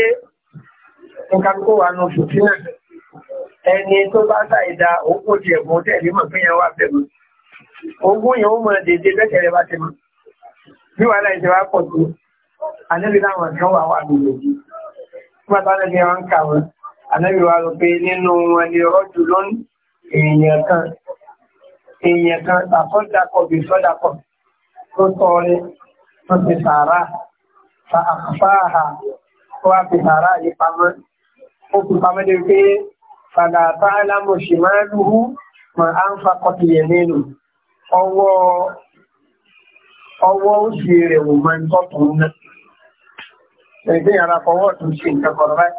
nǹkan kó wà nù fìtínà ẹni tó bá ṣàìdá ogún ti ẹ̀bùn tẹ̀lé mọ̀ pé yẹn wà pẹ̀lú ogún yẹn ó mọ̀ dédé bẹ́tẹ̀rẹ̀ bá ti mọ̀ bí wà láì ṣe wá pọ̀ tó ànẹ́bí láwọn kan wà wà lòlò yìí nígbà táwọn wọn ń kà wọn ànẹ́bí wa rò pé nínú wọn ni rọ́jù lónìí èèyàn kan èèyàn kan tàfọ́dàkọ̀ bí sọ́dàkọ̀ tó tọrẹ tó ti sàárà fa àfáàhà tó wá fi sàárà yìí pamọ́ ó fi pamọ́ fàlà bá alámọ̀ ṣì máa lúhú ma á ń fa kọtìyẹ̀ nínú ọwọ́ ọwọ́ òsì rẹ̀ wò máa ń tọ́tún náà ẹgbẹ́ ara fọwọ́ tún ṣe nǹkan kọ̀rọ̀ báyìí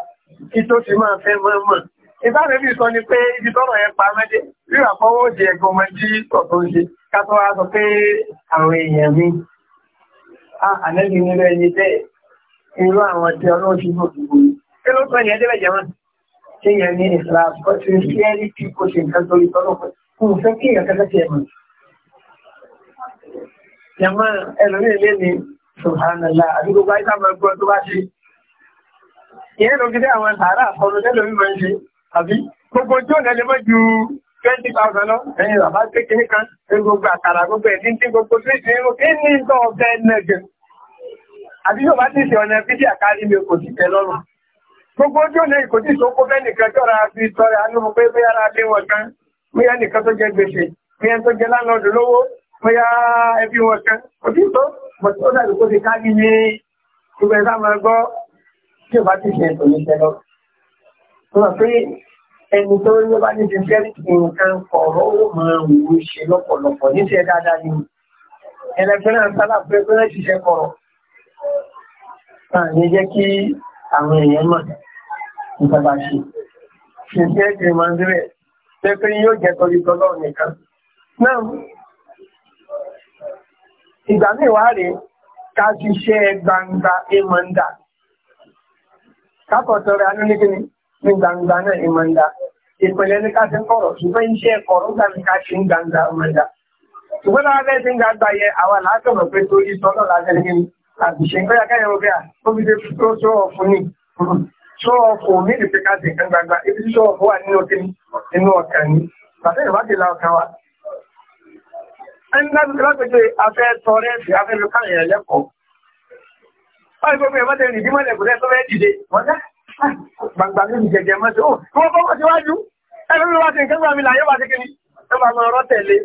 kí tó ti máa fẹ́ mọ́ mọ́ ìbáfẹ́ bí sọ ni pé ibi tọ́rọ̀ yẹn pa mẹ́jẹ rírà fọwọ́ òsì ẹ̀gbọ́n máa jí tọ̀tún ṣe ká tó wá sọ pé àwọn èèyàn mi ànẹ́bí nílò ẹni bẹ́ẹ̀ irú àwọn tí ọlọ́run ṣe gbòdùgbò ṣé yẹn ní islam bó ṣe ń ṣe rí kí kò ṣe nǹkan torí tọ́lọ́ pé kò fẹ́ kí èèyàn kẹ́kẹ́ tiẹ̀ mọ̀. yàmá ẹlòmíì lé ní subhanallah àdúgbò báyìí ká máa gbọ́ tó bá ṣe. que ló fi dé àwọn sàárà àkọlù lẹ́lòmíì máa ń ṣe àbí gbogbo ojú ọ̀nà lè mọ́ ju twenty thousand lọ ẹ̀yin bàbá kékeré kan gbogbo àkàrà gbogbo ẹ̀dín tí gbogbo tó ṣe irú kí ní ìtọ́ ọ̀fẹ́ náà jẹ àbí yóò bá ti ṣe ọ̀nà fídíà kárí mi kò sí tẹ lọ́rùn gbogbo ojú ní ìkòjí tó kó fẹ́ nìkan tọ́ra fi tọrẹ anúmọ̀ pé bí ara lé wọn kan bóyá nìkan tó jẹ gbèsè bóyá tó jẹ lánàá lówó bóyá ẹbí wọn kan ojú tó bọ̀tí ó dàbí kó ti ká ní ní gbogbo ẹ̀sà máa gbọ́ tí ó bá ti ṣe ètò yìí tẹ́lọ. Mo rò pé ẹni tó ní bá ní ti fẹ́ nǹkan kọ̀ọ̀rọ̀ ó máa wù ú ṣe lọ́pọ̀lọpọ̀ ní ti ẹ̀ dáadáa ni. Ẹlẹ́gbẹ́ náà sálà pé pé wọ́n ṣiṣẹ́ kọ̀rọ̀. Àní jẹ́ kí àwọn èèyàn mọ̀ nǹkan bá ṣe ṣe tí ẹ jẹ máa ń rẹ̀ pé pé yóò jẹ́ torí tọ́lọ́ nìkan náà ìgbà míì wá rèé ká ṣiṣẹ́ gbangba ìmọ̀ǹda kápọ̀tọ̀ rẹ̀ anúlégbìnrin ní gbangba náà ìmọ̀ǹda ìpìlẹ̀ ní ká ti ń kọ̀rọ̀ ṣùgbọ́n iṣẹ́ kọ̀rọ̀ gbà ní ká ṣe ń gbangba ìmọ̀ǹda ṣùgbọ́n láwọn fẹ́ ti ń gbangba yẹ àwa látọ̀rọ̀ pé torí tọ́lọ́ láti rí àbìṣe ń gbẹ́yà káyọ̀ ọgbẹ́ à ó fi ṣe tó ṣọ́ ọ̀fun ní ṣọ́ọ̀fù ní ìfẹ́kàtì ìkan gbangba ibi tí ṣọ́ọ̀fù wà nínú kí nínú ọ̀kà ní pàtẹ́ ìwádìí la ọ̀kà wa ẹni láti fi láti pé afẹ́ tọrẹ sí afẹ́ ló káàrin rẹ̀ lẹ́kọ̀ọ́ wọ́n gbogbo ẹ̀mọ́ tẹ̀ rìn dímọ̀ lẹ́kùn lẹ́tọ́ rẹ̀ dìde wọ́n dá ah, gbangba ní ìjẹjẹ mọ́ sí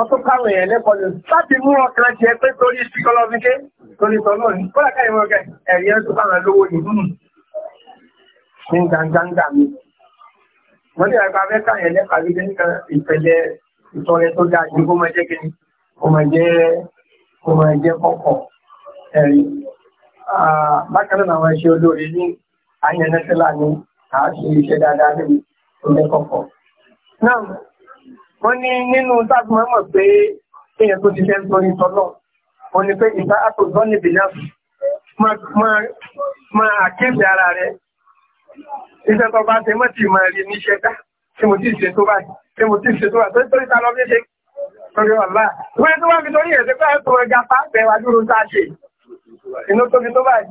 ọtún káwọn èèyàn lẹ́kọ̀ọ́ lè láti mú ọkàn jẹ pé torí síkọlọ́fíké torí tọ́lọ́ ní kọ́lá káyọ̀ mọ́ ọkẹ́ ẹ̀rí ẹ̀ tó bára lówó hmm. ní mú ní gàǹgàǹgà mi wọ́n ní àgbà fẹ́ káyọ̀ lẹ́kọ̀ọ́ àbíké nìkan ìpẹ̀lẹ̀ ìtọ́rẹ tó dáa ju kó máa jẹ́ kíni kó máa jẹ́ kó máa jẹ́ kọ́kọ́ ẹ̀rí bákan náà àwọn iṣẹ́ olóore ní àyẹ̀nẹ́sílà ni àá ṣe iṣẹ́ dáadáa níbi tó lẹ́kọ̀ọ́ náà wọ́n ní nínú dágbọ́n mọ̀ pé èèyàn tó ti fẹ́ sọrí tọ́lọ̀ wọ́n ní pé ìgbà àtòzọ́ níbi náà máa àkéèsì ara rẹ̀ iṣẹ́ tó bá ṣe mọ́ ti máa rí níṣẹ́ dá tí mo ti ṣe tó bá tí mo ti ṣe tó bá tó rí ta lọ méṣe torí ọ̀la wọ́n tó wá fi torí ẹ̀ṣẹ́ pé ẹ̀ṣọ́ ẹja pàápẹ̀ wá dúró tá ṣe inú tóbi tó báyìí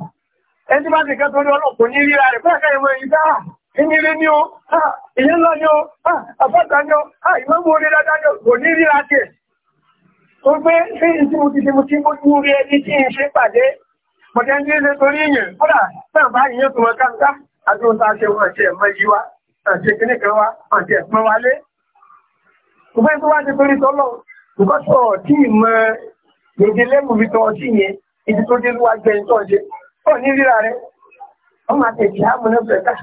ẹni bá ti kẹ́ torí ọlọ́pọ̀ ní ríra rẹ̀ pẹ́ẹ̀kẹ́ ìmọ̀ ìdáwà ìmìrì ni ó ìyẹ́ ńlá ni ó àbáta ni ó ìmọ́mú orí dáadáa ni ó kò ní ríra tẹ̀ tó gbé sí ìtí mo ti ṣe mo ti mo ti rí ẹni tí ń ṣe pàdé mọ̀tẹ́ ń ṣe torí èèyàn kódà náà bá ìyẹn tó ṣe wọn àti ẹ̀mọ́ yí wa àti ìpínlẹ̀ kan wa àti ẹ̀pọ́n wa lé ṣùgbọ́n tó wá ti torí tọ́lọ̀ nǹkan tó tí ìmọ̀ gbèdé lẹ́mù fi tọ́ sí yẹn ibi ní ríra káà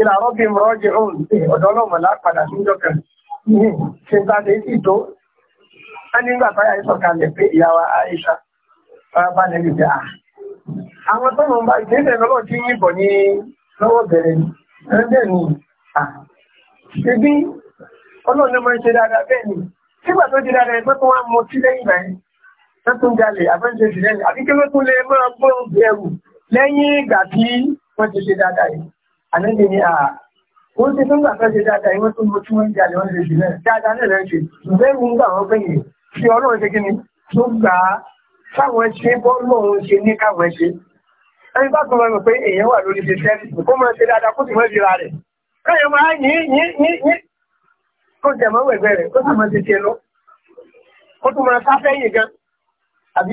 ìlà rọ́bì rọ́jì òun ọ̀dọ́ ọlọ́mọ̀ lápadà síjọ́ kan ṣe bá lè sì a nígbà táyà ìsọ̀kalẹ̀ pé ìyàwó Aisha bá lè rí bẹ́ẹ̀ àwọn tó mọ̀ bá ìgbésẹ̀ lọ́wọ́ tí yìnbọn ní lọ́wọ́ bẹ̀rẹ̀ ní ẹgbẹ́ ni ṣebí ọlọ́run máa ń ṣe dáadáa bẹ́ẹ̀ ni sígbà tó di dáadáa ẹgbẹ́ tó wá mọ sí lẹ́yìn ìgbà yẹn tó ń jalè àbẹ́ńṣe sí lẹ́yìn àbíkẹ́lẹ́ tó lè máa gbọ́ ẹrù lẹ́yìn ìgbà tí wọ́n ti ṣe dáadáa yìí àlẹ́lẹ́ ni àà ó ti tó ń gbàfẹ́ ṣe dáadáa ìwọ́n tó mọ́ tí wọ́n ń jà lẹ́wọ́n lè jù náà dáadáa náà lẹ́yìn ṣe ìbẹ́rù ń gbà wọ́n pé yìí tí ọlọ́run ṣe kíni tó gbà á sáwọn ṣe bọ́ọ̀lọ́run ṣe ní káwọn ṣe ẹni bá tó mọ̀ pé èèyàn wà lórí ṣe sẹ́ẹ̀sì kó mọ̀ ṣe dáadáa kó sì mọ̀ ìlera rẹ̀ káyọ̀ máa yín yín yín yín kó tẹ̀ wẹ̀gbẹ́ rẹ̀ kó sì mọ̀ ṣe ṣe lọ kó tún mọ̀ sáfẹ́ yìí gan àbí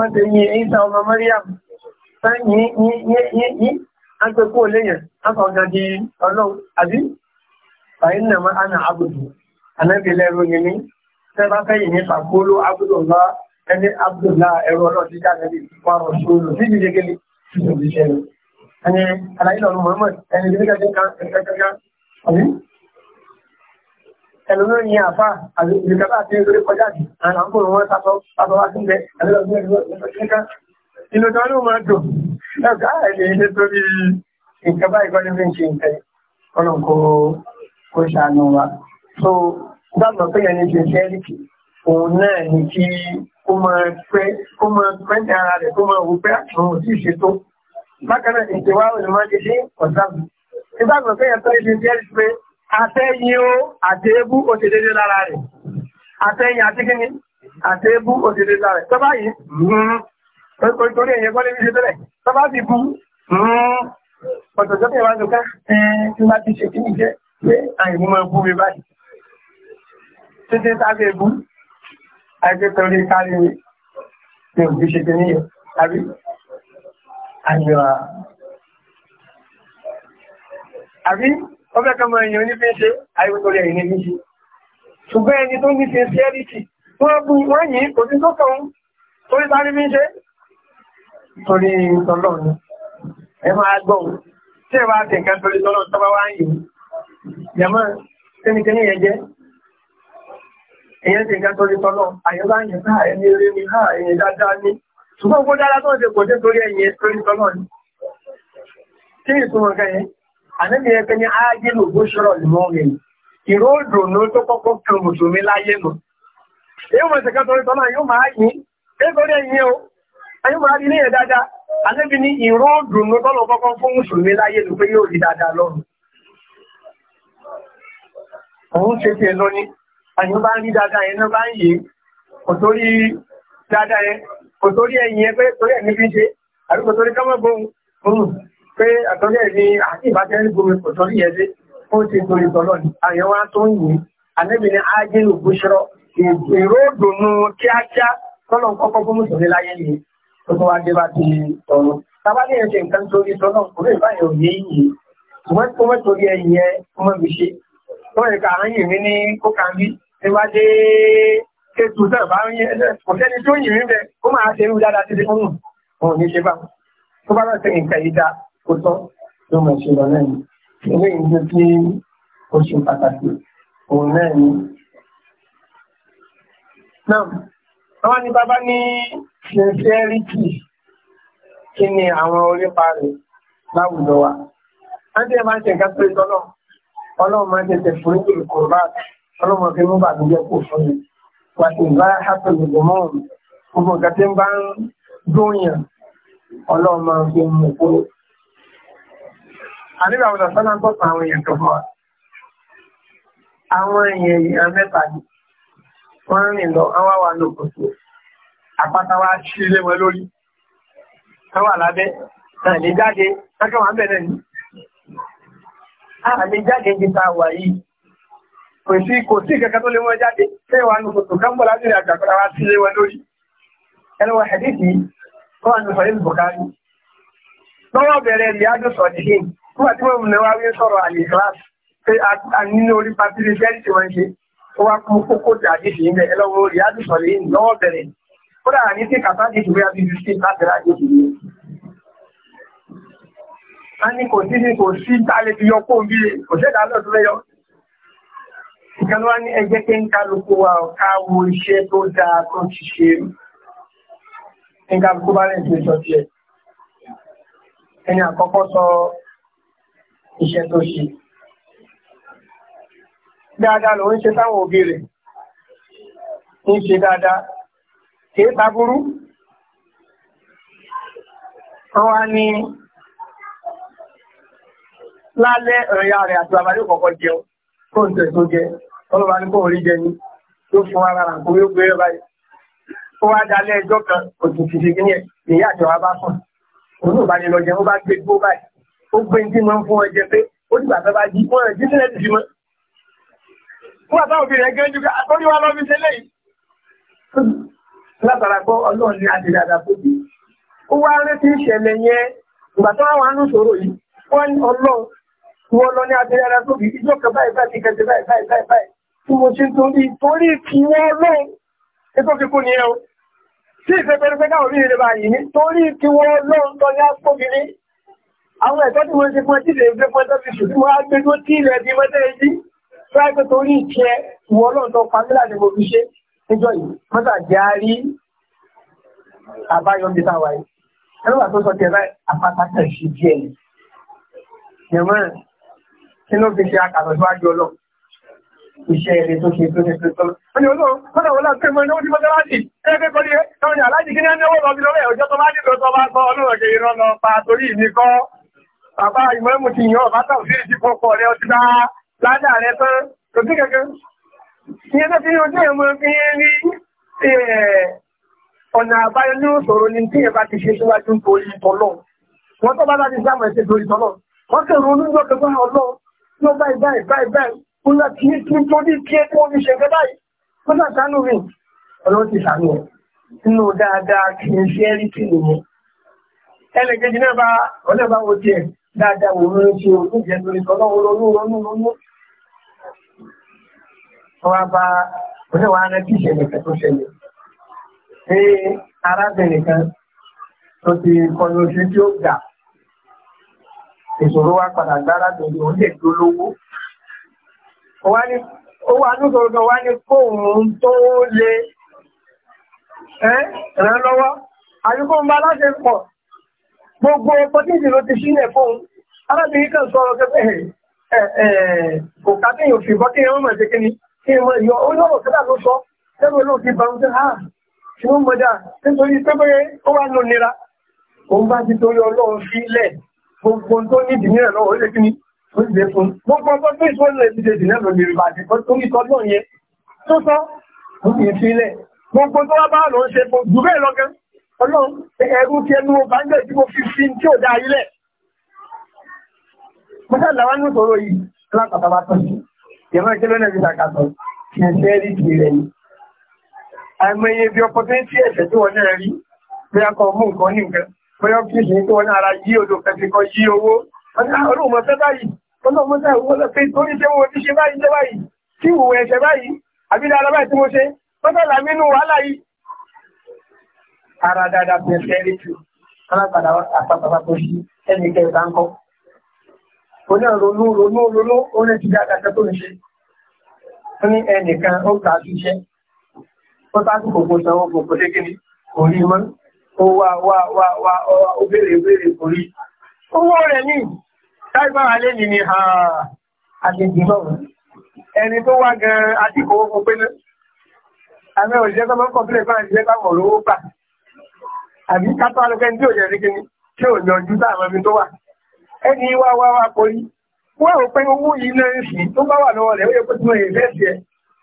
wọ́n ti yin ìsà ọmọ Mariam tán yìí yìí yìí yìí á ń pẹ́ kó léyàn á sọ ọ̀gá di ọlọ́run àbí fàyín nà má ánà àbùdù ànábì lẹ́rù ni mí tẹ́ bá fẹ́ yìí ní fàkóló àbùdù ọ̀gá ẹni àbùdù náà ẹ̀rọ ọlọ́run ti jáde bí wà rọ̀ sóòlù níbi ìdíkẹ́lẹ́ ìṣòwò ìṣẹ́lẹ̀ ẹni aláìlọ́run Muhammad ẹni ìdíkẹ́kẹ́ ẹlòmíràn ní àfà àti ìgbàgbà àti ìgbèrè kọjá àti àwọn àkókò wọn sàtọ sàtọ wá síbẹ̀ ẹlòmíràn ní ọjọ́ inú tó ní ọmọ dùn lọ́gà ẹ̀lẹ́ ilé tó bí nǹkan báyìí kọ́ni fi ń ṣe nǹkan kọ́nà kó kó ṣàánú wa so gbàgbọ́ pé yẹn ní ṣe sẹ́ríkì òun náà ní kí ó máa pẹ́ ó máa pẹ́ ní ara rẹ̀ kó máa wò pé àwọn òsì ṣètò bákan náà ìṣèwà òní máa ṣe ṣe ọ̀sán ìgbàgbọ́ pé yẹn tó ṣe sẹ́ríkì àtẹ́yìn ó àtẹ́ébú ó ti dédé lára rẹ̀ àtẹ́yìn àti kíni àtẹ́ébú ó ti dédé lára rẹ̀ tọ́bá yìí torí èyàn gọ́lé ní ṣe tẹ́lẹ̀ tọ́bá ti bú ọ̀tọ̀jọ́pẹ̀ wá lóká tí bá ti ṣe kí ní jẹ́ pé àìmú mọ́ bú mi báyìí títí sáré bú àìpé torí kárí mi mi ò fi ṣe kí ní yẹ tàbí àyíra àbí ọfẹ́ kan máa èèyàn nífẹ́ ṣe àìwòtòrí ẹ̀yìn ní ṣe ẹni tó nífẹ́ sí ẹ́rìtì wọ́n bú wọ́n yìí kò tí tó kàn torí sáré ní ṣe torí tọ́lọ́ ni ẹ máa gbọ́ tí ẹ bá ti torí tọ́lọ́ tọ́bá wá yìí àníbi ẹgbẹ́ ní ágílù bó ṣọ́rọ̀ ìmọ́rin ìró òdùnú tó kọ́kọ́ kan mùsùlùmí láyé nù yóò mọ̀ ṣẹ̀kẹ́ torí tọ́lá yóò máa yìí ẹgbẹ́rẹ́ yìí o ayé máa rí ní ẹ̀ dáadáa àníbi ní ìró òdùnú tọ́lọ̀ kọ́kọ́ fún mùsùlùmí láyé nù pé yóò rí dáadáa lọ́rùn òun ṣe tiẹ̀ lọ ní àyè bá ń rí dáadáa yẹn náà bá ń yìí kò torí yẹn kò ẹ̀yìn ẹgbẹ́ torí ẹ̀ níbi ṣe àbí kò pé àtọ́jẹ́ ní àti ìbájẹ́ ní gómi kò tọ́ yẹ dé ó ti torí tọ́lọ́ ní àyẹ̀ wá tó ń yìí ànẹ́bì ní ajé òkúṣọ́rọ̀ èrò òdùnnú kíákíá tọ́lọ̀ kọ́kọ́ fún mùsùlùmí láyé yìí tó tó wá dé bá ti tọ̀rọ̀ tábà ní ẹ̀ṣẹ̀ nǹkan torí tọ́lọ̀ kò lè báyìí ò yé yìí wọ́n tó wọ́n torí ẹ̀yẹ ọmọ mi ṣe tó ẹ̀ka àwọn yìí ní kókàmbí ní wá dé ètò náà bá ń yẹ kò sẹ́ni tó yìí rí bẹ́ẹ̀ ó máa ṣe irú dáadáa títí fún un òun ní ṣe bá tó bá lọ́sẹ̀ nǹkan yìí kó tọ́ ló mọ̀ ṣe lọ náà ni ilé ìjọ tí ó ṣe pàtàkì òun náà ni. náà àwọn ni bàbá ní sincerity kí ni àwọn orípa rẹ̀ láwùjọ wa wọ́n ti máa ń ṣe nǹkan pé tọ́lọ́ ọlọ́run máa ń tètè fún ìlú kò bá ọlọ́run máa fi mú bàbújẹ́ kò fún mi wà sí ìbá hàpẹ̀ lùgbòmọ́ gbogbo nǹkan tí ń bá ń dóyàn ọlọ́run máa fi mú kúrò àníbà àwọn ọ̀sánà tọ́ta àwọn èèyàn tó fọ́ àwọn èèyàn èèyàn mẹ́ta ni wọ́n rìn lọ wọ́n wá wà lóko tó àpáta wá sí ilé wọn lórí wọ́n wà lábẹ́ náà lè jáde lọ́kẹ́ wọn bẹ̀rẹ̀ ni àlè jáde ní ta wà yìí kò sí kò sí kẹ́kẹ́ tó lé wọn jáde tẹ́ wà lóko tó kán bọ̀ láti rìn àjà kọ́ra wá sí ilé wọn lórí ẹni wọ́n hẹ̀dí sí wọ́n wà ní sọ̀rọ̀ ìbùkárí Nígbà tí wọ́n lẹ́wà rí sọ̀rọ̀ àlèkláàsì pé a nínú orí pàtílé jẹ́rìsì wọ́n ṣe, ó wá kún kókó tí àdéṣì ń bẹ̀ ẹlọ́wọ́ orí àdùsọ̀lẹ̀ yìí lọ́wọ́ bẹ̀rẹ̀. Kódà ní sí kàtàkì bí a fi sí láti rájèjì ni. A ní kò sí ní kò sí tálẹ̀ fi yọ kó ń bí kò sẹ́dá lọ́dún lẹ́yọ. Ìkan wá ní ẹgbẹ́ pé ń kálukú wa káwo iṣẹ́ tó dáa tó ti ṣe. Ń kálukú bá rẹ̀ ṣe sọ tiẹ̀. Ẹni àkọ́kọ́ sọ iṣẹ́ tó ṣe dáadáa lọ ń ṣe táwọn òbí rẹ̀ ń ṣe dáadáa kìí taburú wọ́n wá ní lálẹ́ ẹ̀yà rẹ̀ àti àbálẹ́ kọ̀kọ́ jẹun tó ń tẹ̀ tó jẹ ọlọ́bà ní kóhùn rí jẹ ní tó fún ara rà kó yóò gbé rẹ̀ e báyìí ó wá dalẹ́ ẹjọ́ kan ó gbé tí máa ń fún wọn jẹ pé ó dìgbà tó bá jí wọn jí sílẹ̀ tìfì mọ́. fún àtàwọn òbí rẹ̀ gẹ́jú ká àtọ́rí wa lọ́bí ṣe léyìí. látara gbọ́ ọlọ́run ní adìrẹ àdàpọ̀jù ó wá rántí ìṣẹ̀lẹ̀ yẹn ìgbà tó wà nù sọ̀rọ̀ yìí wọ́n ọlọ́run wọ́n lọ ní adìrẹ àdàpọ̀jù ìjọ kan báyìí báyìí kẹsẹ̀ báyìí báyìí báyìí tí mo ṣe ń torí torí kí wọ́n lọ́run ètò kíkún ni ẹ o tí ìfẹ́ pẹ́rẹ́pẹ́ káwọn orí rẹ̀ báyìí torí kí wọ́n lọ́run tọ́lá àwọn ẹ̀kọ́ tí wọ́n ṣe fún ẹtí lè gbé fún ẹtọ́ fi ṣùgbọ́n wọ́n á gbé tó tí ilẹ̀ bí mọ́tẹ́ ẹjí fẹ́ẹ̀kọ́ torí ìṣẹ́ ìwọ ọlọ́run tó pamílà ni mo fi ṣe níjọ́ yìí mọ́tà jẹ́ á rí àbáyọ̀mí táwa yìí ẹlọ́wà tó sọ tẹ̀lé àpátákà sí díẹ̀ yẹ̀mọ́ kí ló fi ṣe àkàtọ̀ síwájú ọlọ́run iṣẹ́ ilé tó ṣe tó ṣe tó tọ́. Wọ́n ni olóòrùn, wọ́n náà wọ́n láti pẹ́ mọ́ ní ó ti mọ́tẹ́ láti, ẹgbẹ́ kọ́ ní ẹ̀, tọ́rin aláìsí kí ní ẹni owó lọ bí lọ́wọ́ ẹ̀ ọjọ́ tó bá nílò tó bàbá ìmọ̀ẹ́mù ti yàn ọ̀bá tàbí sí ìdí kọkọ̀ rẹ̀ ọtí bá ládà rẹ̀ tán kò sí kẹ̀kẹ́ ìyẹn tó fi ojú ẹ̀mọ́ fi ń rí ọ̀nà àbáyọ ní òṣòro ni tí ẹ̀bá ti ṣe síwájú torí tọ́lọ̀ wọ́n tó bá láti sáàmù ẹ̀ṣẹ̀ torí tọ́lọ̀ wọ́n kẹ̀rù olújọ́ kẹfà ọlọ́ ló báyìí báyìí báyìí báyìí ó lọ kí kí tó ní kí ẹ tó ní ṣe fẹ́ báyìí ó náà sánú rí ọlọ́ ti sànú ẹ̀ nínú dáadáa kì í ṣe rí bá ọlẹ́ wo tiẹ̀ dáadáa wò ló ń ṣe oníjẹ lórí ọlọ́run ronú ronú ronú. Wọ́n wá bá oníwàá rẹ kí ìṣẹ̀lẹ̀ kan tó ṣẹlẹ̀. Ṣé arábìnrin kan tó ti kọlu oṣù tí ó gà wa padà gbára lórí òun lè kan wá ní tó ràn lọ́wọ́. Àyíkó ń bá láti pọ̀. gbogbo pọ́tíjì ló ti sílẹ̀ fún arábìnrin kan sọ̀rọ̀ kẹfẹ́ kò ká tí yóò fi bọ́ kí wọ́n mọ̀ sí kíní kí wọ́n yọ ó lọ́rọ̀ sílẹ̀ ló sọ tẹ́lẹ̀ ló ti bàrún sí ha tí wọ́n mọ̀ dáa nítorí pẹ́pẹ́ ó wà nira òun bá ti torí ọlọ́run sílẹ̀ gbogbo tó ní ìdílé náà ó lè kíní ó lè fún gbogbo ọgbọ́n tó ìṣòro lè fi dèjì náà lò ní ìrìbà àti tó ní tọ́jú yẹn tó sọ ó wá bá ọlọ́run ẹ̀rú ti ẹnu ọba ń gbẹ̀ tí mo fi fi tí ò dá ilẹ̀ mo sá làwọn ní ìṣòro yìí alápàtà bá tọ́ sí ìyẹ̀mọ́ ìṣẹ́ lónà ìṣẹ́ àkàtọ̀ ti ẹ̀ṣẹ́ rí ti rẹ̀ ni àìmọye bí ọpọtẹ́ntì ẹ̀ṣẹ̀ tí wọ́n náà rí bí akọ mú nǹkan ní nǹkan bóyá ọ́fíìsì tí wọ́n náà yí odò kẹfìkọ yí owó ah, ọlọ́run mọ̀ fẹ́ báyìí ọlọ́run mọ̀ fẹ́ torí ṣé wọ́n ti ṣe tí ìwò ẹ̀ṣẹ̀ báyìí báyìí tí mo ṣe ara dáadáa bí ẹsẹ̀ rí tu alágbàdá àpapàpà tó ṣí ẹni kẹta ń kọ́. ó ní ronú ronú ronú ó ní ti dáadáa tó ń ṣe ó ní ẹnìkan ó gbà sí iṣẹ́ ó sáà kò kò sanwó kò kò lékè ní kò rí mọ́ ó wá wá wá wá ó béèrè béèrè kò rí. owó rẹ̀ ní táìpá alẹ́ nìyí ha àjèjì náà ẹni tó wá gan-an àti kò ó kò pé náà àmì òṣìṣẹ́ tó máa ń kọ̀ fún àṣìṣẹ́ táwọn olówó àbí kátó alùpẹ́ tí ò jẹ́ kíni tí ò yọjú táwọn ibi tó wà ẹni wá wá wá porí wọ́n rò pé owó yìí náà ń sì tó bá wà lọ́wọ́ rẹ̀ ó yẹ kó tí wọ́n ìfẹ́sì ẹ̀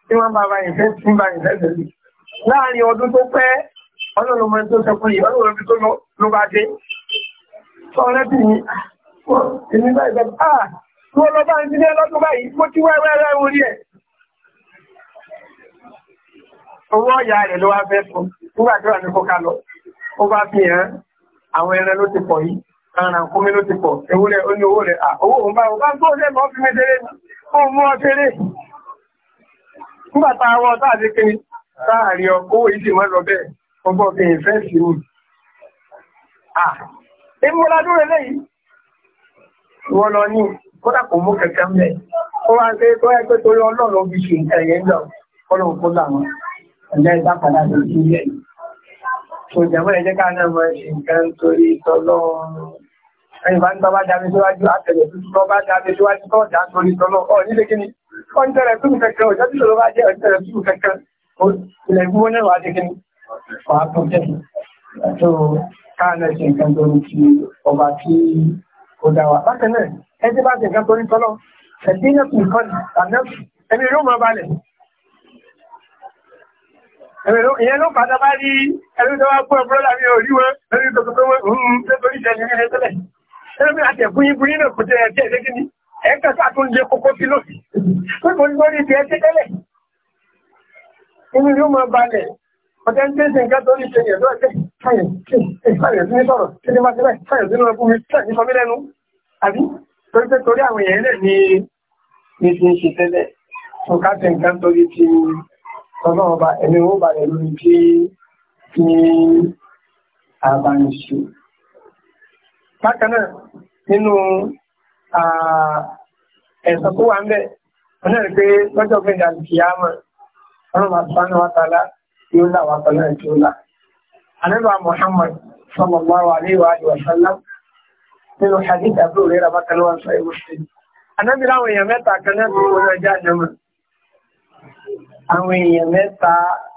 tí wọ́n bá ba ìfẹ́sì ń ba ìfẹ́sì rí láàrin ọdún tó pẹ́ ọlọ́run ah, ah wọ́n lọ bá ń sílé lọ́dún báyìí mo ti wẹ́wẹ́wẹ́ orí ẹ̀ owó ọ̀yà rẹ̀ ló wá fẹ́ fún nígbà tó wà ká lọ ó bá fi hàn àwọn ẹran ló ti pọ̀ yìí ara kómi ló ti pọ̀ ewúrẹ́ ó ní owó rẹ̀ owó òun bá òun bá tó lè mọ́ fi mẹ́tẹ́rẹ́ ó mú ọ tẹ́rẹ́ nígbàtà àwọn ọ̀tá àti kí sáàrí ọkọ̀ ìdí wọ́n lọ bẹ́ẹ̀ ọgbọ́ fi ìfẹ́ sí mi ìmúládú rẹ̀ lẹ́yìn wọ́n lọ ní kódà kò mú kẹ̀kẹ́ mẹ́ ó wá pé tó ẹ́ pé torí ọlọ́run fi ṣe ẹ̀yẹ́ ń lọ kó làwọn ẹ̀lẹ́ ìdápadà lórí ilẹ̀ yìí tó jẹmọ́ ẹjẹ́ ká náà mọ̀ nǹkan torí tọ́lọ́run ẹni bá ń tọ́ bá dámi síwájú àtẹ̀lẹ̀ tuntun tọ́ bá dámi síwájú tọ́lọ́ ni ó ń tẹ̀rẹ̀ tún kẹ̀kẹ́ ọjọ́ tí lọ́wọ́ bá jẹ́ ọ̀tẹ̀rẹ̀ tún kẹ̀kẹ́ ilẹ̀ ìgbówó ni wà á tó jẹ́ tó káàlẹ̀ ṣe nǹkan torí ti ọba tí ó dá wa bákan náà ẹjẹ́ bá ṣe nǹkan torí tọ́lọ́ ẹ̀dínlẹ̀kùn kan àná ẹni yóò balẹ̀ Ìyẹn ló padà bá rí ẹlú tó wá pọ̀ bọ́lá mi ò ríwọ́ lórí tó tó wọ́n ń tó torí jẹ́ ìrìn ẹgbẹ́lẹ̀. Ẹgbẹ́ àti ẹ̀kún yí búrí náà kò jẹ́ ẹ̀kẹ́ ẹ̀kẹ́ kí ni, ẹ̀kẹ́ sá tó ń lé kókó sí lòsì. Ó kò ní lórí ti ẹ̀kẹ́ tẹ́lẹ̀. Inú yóò máa balẹ̀, ọ̀tẹ́ ń tẹ́sí nǹkan torí ṣe yẹ̀ lọ́ọ̀tẹ́. Fáyẹ̀ sí ní sọ̀rọ̀, kí ni máa ti báyìí, fáyẹ̀ sínú ẹkún mi, fáyẹ̀ sọ mí lẹ́nu. Àbí torí pé torí àwọn èèyàn lẹ̀ ní ní ti ń ṣe tẹ́lẹ̀. Ọ̀ká ti nǹkan torí ti ọlọ́run ọba ẹni ó balẹ̀ lórí pé kí àbáyìnṣe. Bákan náà nínú ẹ̀sọ̀ tó wà ń bẹ̀, wọ́n náà rí pé lọ́jọ́ pé ìdàlù kìí àmà, ọlọ́run bá sọ́nà wátàlá yóò là wátàlá ẹ̀ tó là. Ànábì Muhammad sallallahu alaihi wa sallam nínú hadith àbúrò rẹ̀ rabákan náà sọ ìwòsàn. Ànábì láwọn èèyàn mẹ́ta kan náà tó wọ́n àwọn èèyàn mẹ́ta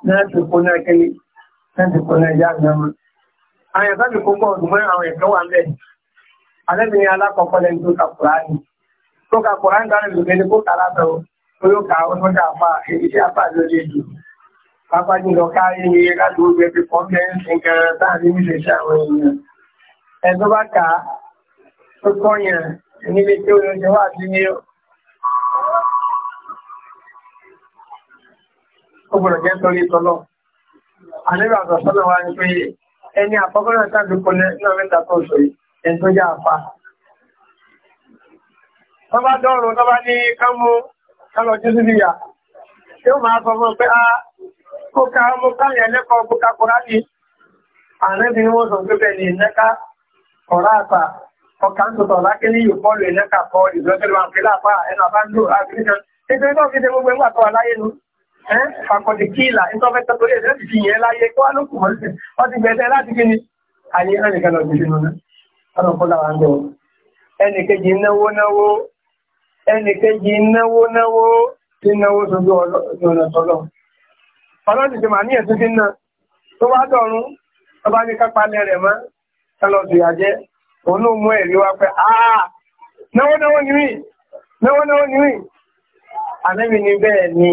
náà ti kó náà kẹ́lé náà ti kó náà jáàgbà mọ́. àwọn èèyàn sábì kó pọ̀ ọ̀dùnmọ́ àwọn ẹ̀kọ́ wà mẹ́ alẹ́bìnrin alákọ̀ọ́kọ́ lẹ́nu tó ka kùránì tó ka kùránì dára lòdì ní kó kà látọ̀ olóka onímọ̀tà àpá iṣẹ́ àpá lórí èdè pápá jùlọ káyé ní káàdùn ogun ẹbí kan bẹ́ẹ̀ ń kẹrẹ táà ní ilé iṣẹ́ àwọn èèyàn ẹ̀dọ́ bá kà á tó kọ́ yẹn nílé tí ó lọ jẹ́ wà ó gbọ́dọ̀ jẹ́ torí tọ́lọ́ àníbà àtọ̀sọ́lọ́ wa ni pé ẹni àkọ́kọ́ náà tàbí kò náà mẹ́ta tó sọ yìí ẹni tó jẹ́ àfa tọ́bá dọ́rùn tọ́bá ní kámú kálọ̀ jésù níyà tí ó máa sọ mọ́ pé a kó ká mú káyẹ̀ lẹ́kọ̀ọ́ bó ká kọ́rá ní àrẹ́bí wọ́n sọ pé bẹ́ẹ̀ ni ẹ̀nẹ́ká kọ̀rá àtà ọkà ń tọ̀tọ̀ lákí ní yóò pọ́lù ẹ̀nẹ́ká kọ́ ìgbẹ́gbẹ́lú àpẹlá àpá ẹ̀nà bá ń lò àgbẹ̀kan Fàkọ̀dì kíìlà, ìtọ́fẹ́ta torí ẹ̀sẹ̀ ti fi yẹn láyé kó wá lókùn mọ́ sí. Wọ́n ti gbẹ̀ẹ́sẹ̀ láti kí ni? Àyè náà nìkan lọ jùlọ náà. Ọ̀nà kó lára ń bọ̀. Ẹnìkejì náwó náwó, ẹnìkejì náwó náwó tí náwó sójú ọ̀nà tọ́lọ. Ọlọ́dì ti màá ní ẹ̀sùn tí náà. Tó bá dọ̀run, tó bá ní kápálẹ̀ rẹ̀ mọ́, ẹlọ́ sì yàjẹ́. Òun ló mú ẹ̀rí wá pé, "Ah! Náwó náwó ni mí! Náwó náwó ni mí!" Àlẹ́mi ni bẹ́ẹ̀ ni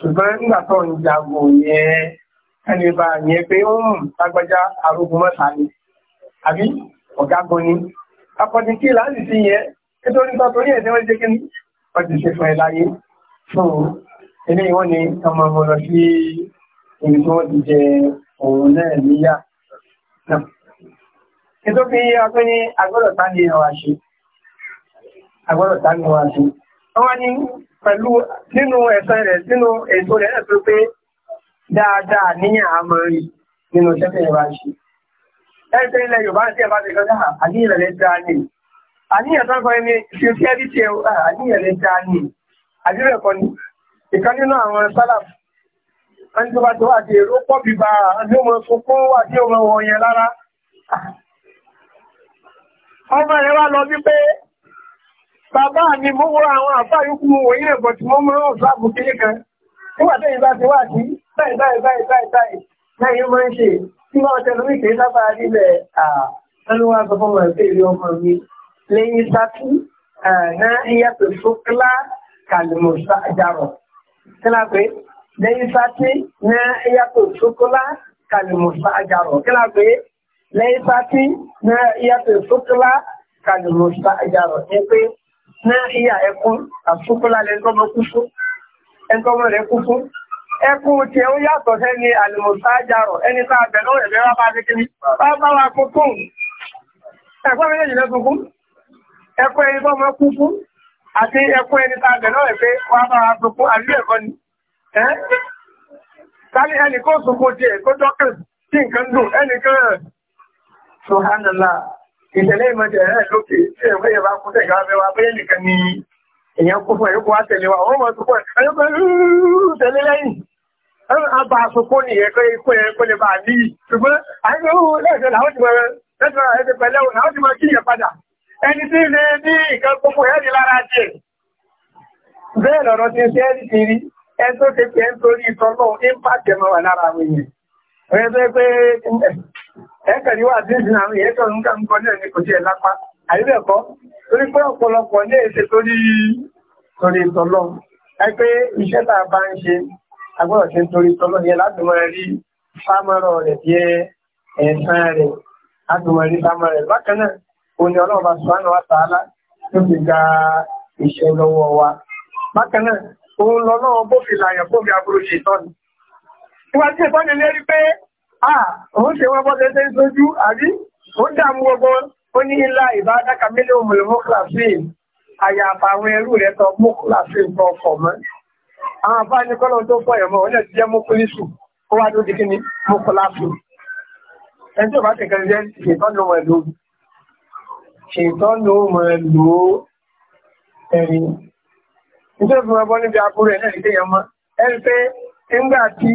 ṣùgbọ́n nígbà tó ń jago yẹn ẹni bá yẹn pé ó ń lágbájá arógun mọ́ta ni àbí ọ̀gágun ni akọni kí láti sí yẹn nítorí tó torí ẹ̀ tẹ́wọ́n jẹ́ kí ni wọ́n ti ṣe fún ẹ láyé fún ilé wọn ni ọmọ ọmọ lọ sí ibi tí wọ́n ti jẹ òun náà níyà náà fi ọpẹ́ ní agbọ́dọ̀ tá ni ọ̀wà ṣe agbọ́dọ̀ tá ni ọ̀wà ṣe wọ́n wá ní pẹ̀lú nínú ẹ̀sẹ̀ rẹ̀ nínú èso rẹ̀ rẹ̀ tó pé dáadáa ní àmọ́ rí nínú ṣẹ́fẹ́ ìwà ṣe. ẹgbẹ́ ilẹ̀ Yorùbá sí ẹ̀bá ti gọ́dá àníyàn lè dáa ní àníyàn tó kọ́ ẹni fi sí ẹbí ti àníyàn lè dáa ní àdúrẹ̀ kọ́ ni ìkan nínú àwọn sálà ẹni tó bá tó wà sí èrò pọ̀ Bàbá mi mú wọ́n àwọn àfáyúkú wòye ẹ̀bọ̀ tí mọ́ mọ́ ọ̀sáàbù kí nìkan. Nígbàtẹ́ ìbá ti wà sí, báyìí báyìí báyìí báyìí báyìí lẹ́yìn máa ń ṣe, tí wọ́n tẹ́lú ìpé sábà nílẹ̀ àtẹ́lúwà sọ fún màá fèrè ọmọ mi. Lẹ́yìn sátú, àná ìyá tó sókílá kàlùmọ̀ sáàjárọ̀. Kílá pé, lẹ́yìn sátí, ná ìyá tó sókílá kàlùmọ̀ sáàjárọ̀. Kílá pé, lẹ́yìn sátí, ná ìyá tó sókílá kàlùmọ̀ sáàjárọ̀. Ní pé, náà ìyà ẹkún àsúkúlá lẹ́ńtọ́mọ́ kú fún ẹ̀ntọ́mọ́ rẹ̀ kú fún ẹkún tí ó yàtọ̀ sẹ́ni àlùmọ̀sájárọ̀ ẹni tá àbẹ̀ náà rẹ̀ bá bá kékeré bá bá wa kú fún ẹ̀kún méjèèjì lẹ́kún fún ẹkún ẹni tó mọ́ kú fún àti ẹkún ẹni tá àbẹ̀ náà wá bá wa ìṣẹ̀lẹ̀ ìmọ̀jẹ̀ rẹ̀ lókè tí ẹ̀fẹ́ yẹ bá kún tẹ̀ gbá mẹ́wàá bẹ́ẹ̀ nìkan ni èèyàn kún fún ẹ̀yọ́kùn àtẹ̀lé wa wọ́n mọ̀ tó pọ̀ ẹ̀yọ́kùn tẹ̀lé lẹ́yìn àbá àsopọ̀ nìyẹn pé ikú lè bá ní ṣùgbọ́n làwọn ti pẹ̀lẹ́ òun làwọn ti kí padà ẹni tí ní nǹkan ẹ̀kẹ̀rí wà sí ìsìn àwọn ìyẹ́kẹ̀ òǹkà ń kọ́ náà ní kò sí ẹ̀ lápá àìbẹ̀kọ́ torí pé ọ̀pọ̀lọpọ̀ ní èsè torí torí tọ́lọ́ ẹgbẹ́ iṣẹ́ tàà bá ń ṣe agbọ́dọ̀ ṣe torí tọ́lọ́ yẹ láti mọ̀ rí sámọ́rọ̀ rẹ̀ bí ẹ̀sán rẹ̀ láti mọ̀ rí sámọ́ rẹ̀ bákan náà òní ọlọ́ọ̀bá sùhánà wa tààlà tó fi gba iṣẹ́ lọ́wọ́ wa bákan náà òun lọ́lọ́wọ́ bó fi làyàn bó fi aburú ṣe tọ́ni. ìwà tí ìtọ́ni pé òun ṣe wọ́n bọ́dẹ̀ tẹ́ sójú àbí ó dàmú gbogbo ó ní ilá ìbádákà mílẹ̀ òmùlùmọ́ kìláfíìn àyàfà àwọn ẹrú rẹ̀ tọ́ mú kìláfíìn tọ́ fọ̀ mọ́ àwọn àbá ní kọ́lọ̀ tó fọ́ ẹ̀mọ́ ó lẹ̀ ti jẹ́ mú kúlísù ó wá tó di kí ni mú kìláfíìn ẹni tó bá ti kẹrin jẹ́ ṣètọ́nù ọmọ ẹ̀lú ṣètọ́nù ọmọ ẹ̀lú ẹ̀rí nítorí fún ẹbọ níbi aburú ẹ̀ náà ní kéèyàn mọ́ ẹni pé nígbà tí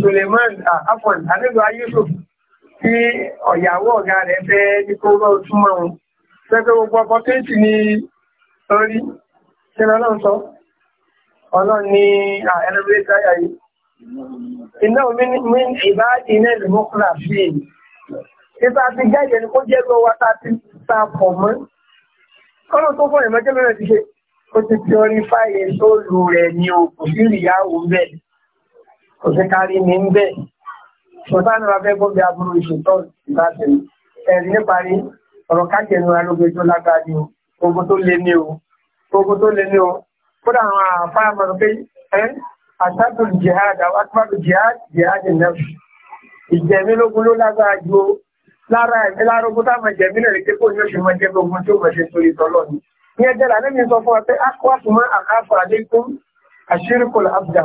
Suleiman afọn àlejò Yusuf tí ọ̀yàwó ọ̀gá rẹ̀ fẹ́ ní kó rọ́ túnmọ̀ wọn pẹ́pẹ́ gbogbo ọpọtẹ́ntì ní orí tí ọlọ́run sọ ọlọ́run ní ẹlẹ́gbẹ́ táyà yìí iná omi ní ìbá iná ìlúmọ́kúnlá sí èyí ipa ti gáyẹ̀ ni kó jẹ́ lọ wa ta ti ta pọ̀ mọ́ ọlọ́run o kò sí kò sí kárí mi ń bẹ̀. ṣùgbọ́n ní wàá fẹ́ gbọ́ bí aburú ìṣètò ìbáṣe ẹ̀rí níparí ọ̀rọ̀ kájẹ̀nu alóge tó lágbára ni o ogun tó lé ní o ogun tó lé ní o kódà àwọn àfáà mọ̀ pé ẹ́ àṣàtò jihad àwákùbàbù jihad jihad nẹ́fù ìjẹ̀mí lógún ló lágbára ju lára ẹ̀mí lára ogun táwọn ìjẹ̀mí náà lè kéko ní oṣù mọ́jẹ́ gbogbo tí ó mọ̀ ṣe torí tọ́lọ́ ni. ìyẹn jẹ́ra lẹ́mìí sọ fún wa pé akọ́sùnmọ́ àkáfọ̀ àdékún àṣírí kò láàbùdà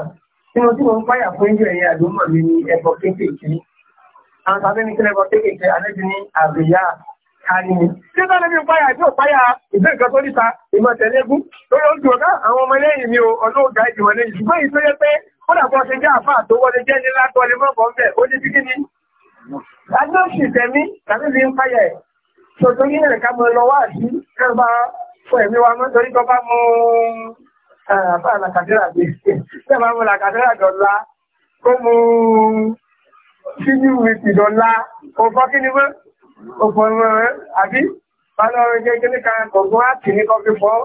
Nínú tí mo ń páyà fún ìjọ ẹ̀yẹ àdúmọ̀ mi ni ẹbọ kéékèèké. Àwọn tàbí ní kílẹ̀bọ kéékèèké àlejò ní àbíyá kárí ni. Tí bá lẹ́bí ń páyà tí ò páyà ìgbé nǹkan tó níta ìmọ̀ tẹ̀légún lórí oúnjẹ ọ̀gá àwọn ọmọ lẹ́yìn mi ò ọlọ́ọ̀gá ìdìwọ̀n lẹ́yìn. Ṣùgbọ́n ìtọ́ yẹ pé ó dàbọ̀ ṣe jẹ́ àfáà tó wọlé jẹ́ ní látọ̀ lè mọ́ bọ́ọ̀ bẹ̀ ó ní bí kíni. Adó sì tẹ̀mí tàbí fi ń páyà ẹ̀. Ṣòtò yín náà ká mọ lọ wá sí kẹ́ bá fọ ẹ̀mí wa mọ́ torí tó bá mú àbá làkàtẹ́rà gbé tẹ́bà mú làkàtẹ́rà dọ̀lá kó mú síníwì ti dọ̀lá ọ̀fọ́ kí ni mọ́ ọ̀fọ́ rẹ̀ àbí bálọ́ rẹ̀ gẹ́gẹ́ ní kan kọ̀gbọ́n àti ní kọfí fọ́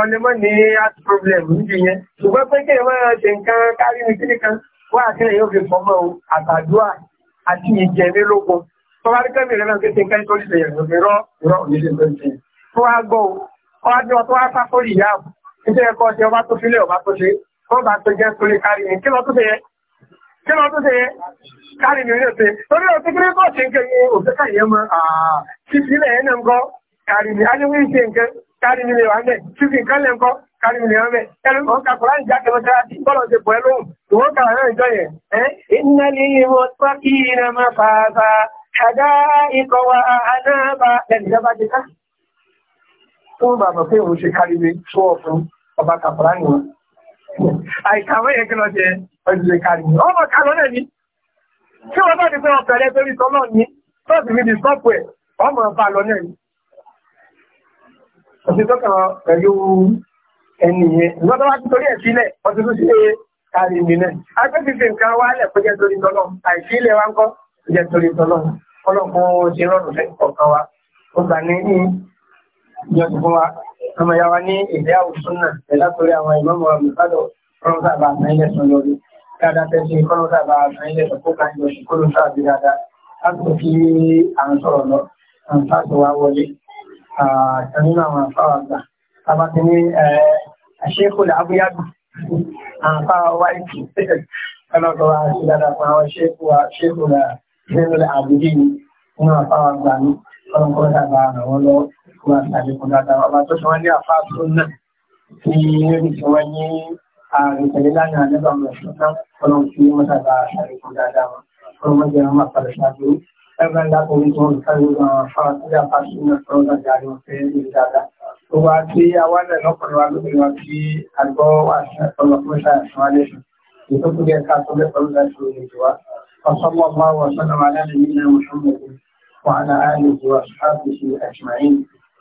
ọlẹ́mọ́ ní heart problem níbi yẹn ṣùgbọ́n pé kí ẹ̀mọ́ ṣe nǹkan kárí ní kíní kan wá àti ẹ̀yìn òfin fọmọ́ àtàdúrà àti ìjẹ nílógún tó bá rí kẹ́mì rẹ̀ náà kí ṣe nǹkan tó ṣe yẹn rọ́ ìrọ̀ òyìnbó ṣe tó wá ìjẹ́ ẹ̀kọ́ ti ọba tó fílẹ̀ ọba tó ṣe ọba tó jẹ́ torí kárí ní kí lọ tó ṣe yẹ kí lọ tó ṣe yẹ kárí ní ilé ṣe torí ọtí kí lẹ́kọ́ ṣe ń kẹ́ yẹ òfẹ́ káyẹ mọ́ kí sílẹ̀ ẹ̀ ń gọ́ kárí ní ayéwé ṣe ń kẹ́ kárí ní ilé wa mẹ́ kí fi nǹkan lẹ́ ń kọ́ kárí ní ilé wa mẹ́ ẹnu kan kà kúrá ìjà kẹmẹtẹrátì bọ́lọ̀ ṣe pọ̀ ẹ fún bàbá pé òun ṣe kárí mi tó ọ̀fún ọba kàfàrà yìí wọn àìkàwé yẹn kí lọ jẹ ọjọ́ kárí mi ọmọ kàlọ́ náà ni tí wọ́n bá ti fẹ́ ọ̀pẹ̀ rẹ torí tọ́lọ́ ni tọ́sí mi di sọ́pù ẹ̀ ọmọ ọba lọ náà ni ọ̀sẹ̀ tọ́kàn pẹ̀lú ẹni yẹn ìwọ́n tó wá ti torí ẹ̀ sílẹ̀ ọtí tó ṣe kárí mi náà agbẹ́bí fi nǹkan wálẹ̀ kó jẹ́ torí tọ́lọ́ àìsílẹ̀ wá ń kọ́ jẹ́ torí tọ́lọ́ ọlọ́kùnrin ìjọ ti fún wa ọmọ ìyá wa ní èdè àwùsùn náà ẹ̀dá torí àwọn ìmọ̀mọ̀ àmìfádọ̀ kọ́nọ́sà bá àtàn ilẹ̀ sọ lórí dáadáa tẹ́sí kọ́nọ́sà bá àtàn ilẹ̀ sọ kó kan yọ̀ṣù kó ló ń sáàbí dáadáa láti fi à ń sọ̀rọ̀ lọ à ń sáàtò wa wọlé àtàn nínú àwọn àfáwà gbà tàbá ti ní àṣekùlẹ̀ abúyádù àfáwà wáìkì kọ́nọ́sà fún àtàlẹ́kùn dáadáa ọba tó ṣe wọ́n ní àfáà tó náà tí rí ṣe wọ́n ní ààrẹ tẹ̀lé lánàá nígbà mọ̀ ṣọ́nà ọlọ́run tí wọ́n sábà àtàlẹ́kùn dáadáa wọn ọmọ wọn jẹ́ ọmọ àpàlẹ̀ ṣáájú ẹgbẹ́ ńlá kò ní wọn ká ló máa fáwọn tó yà fáṣí náà tó ọ̀gá jáde wọn fẹ́ rí dáadáa gbogbo àti awálẹ̀ lọ́pọ̀lọpọ̀ alóbìnrin wa tí àgbọ̀ wà sí ọlọ́pọ̀ ṣàṣọ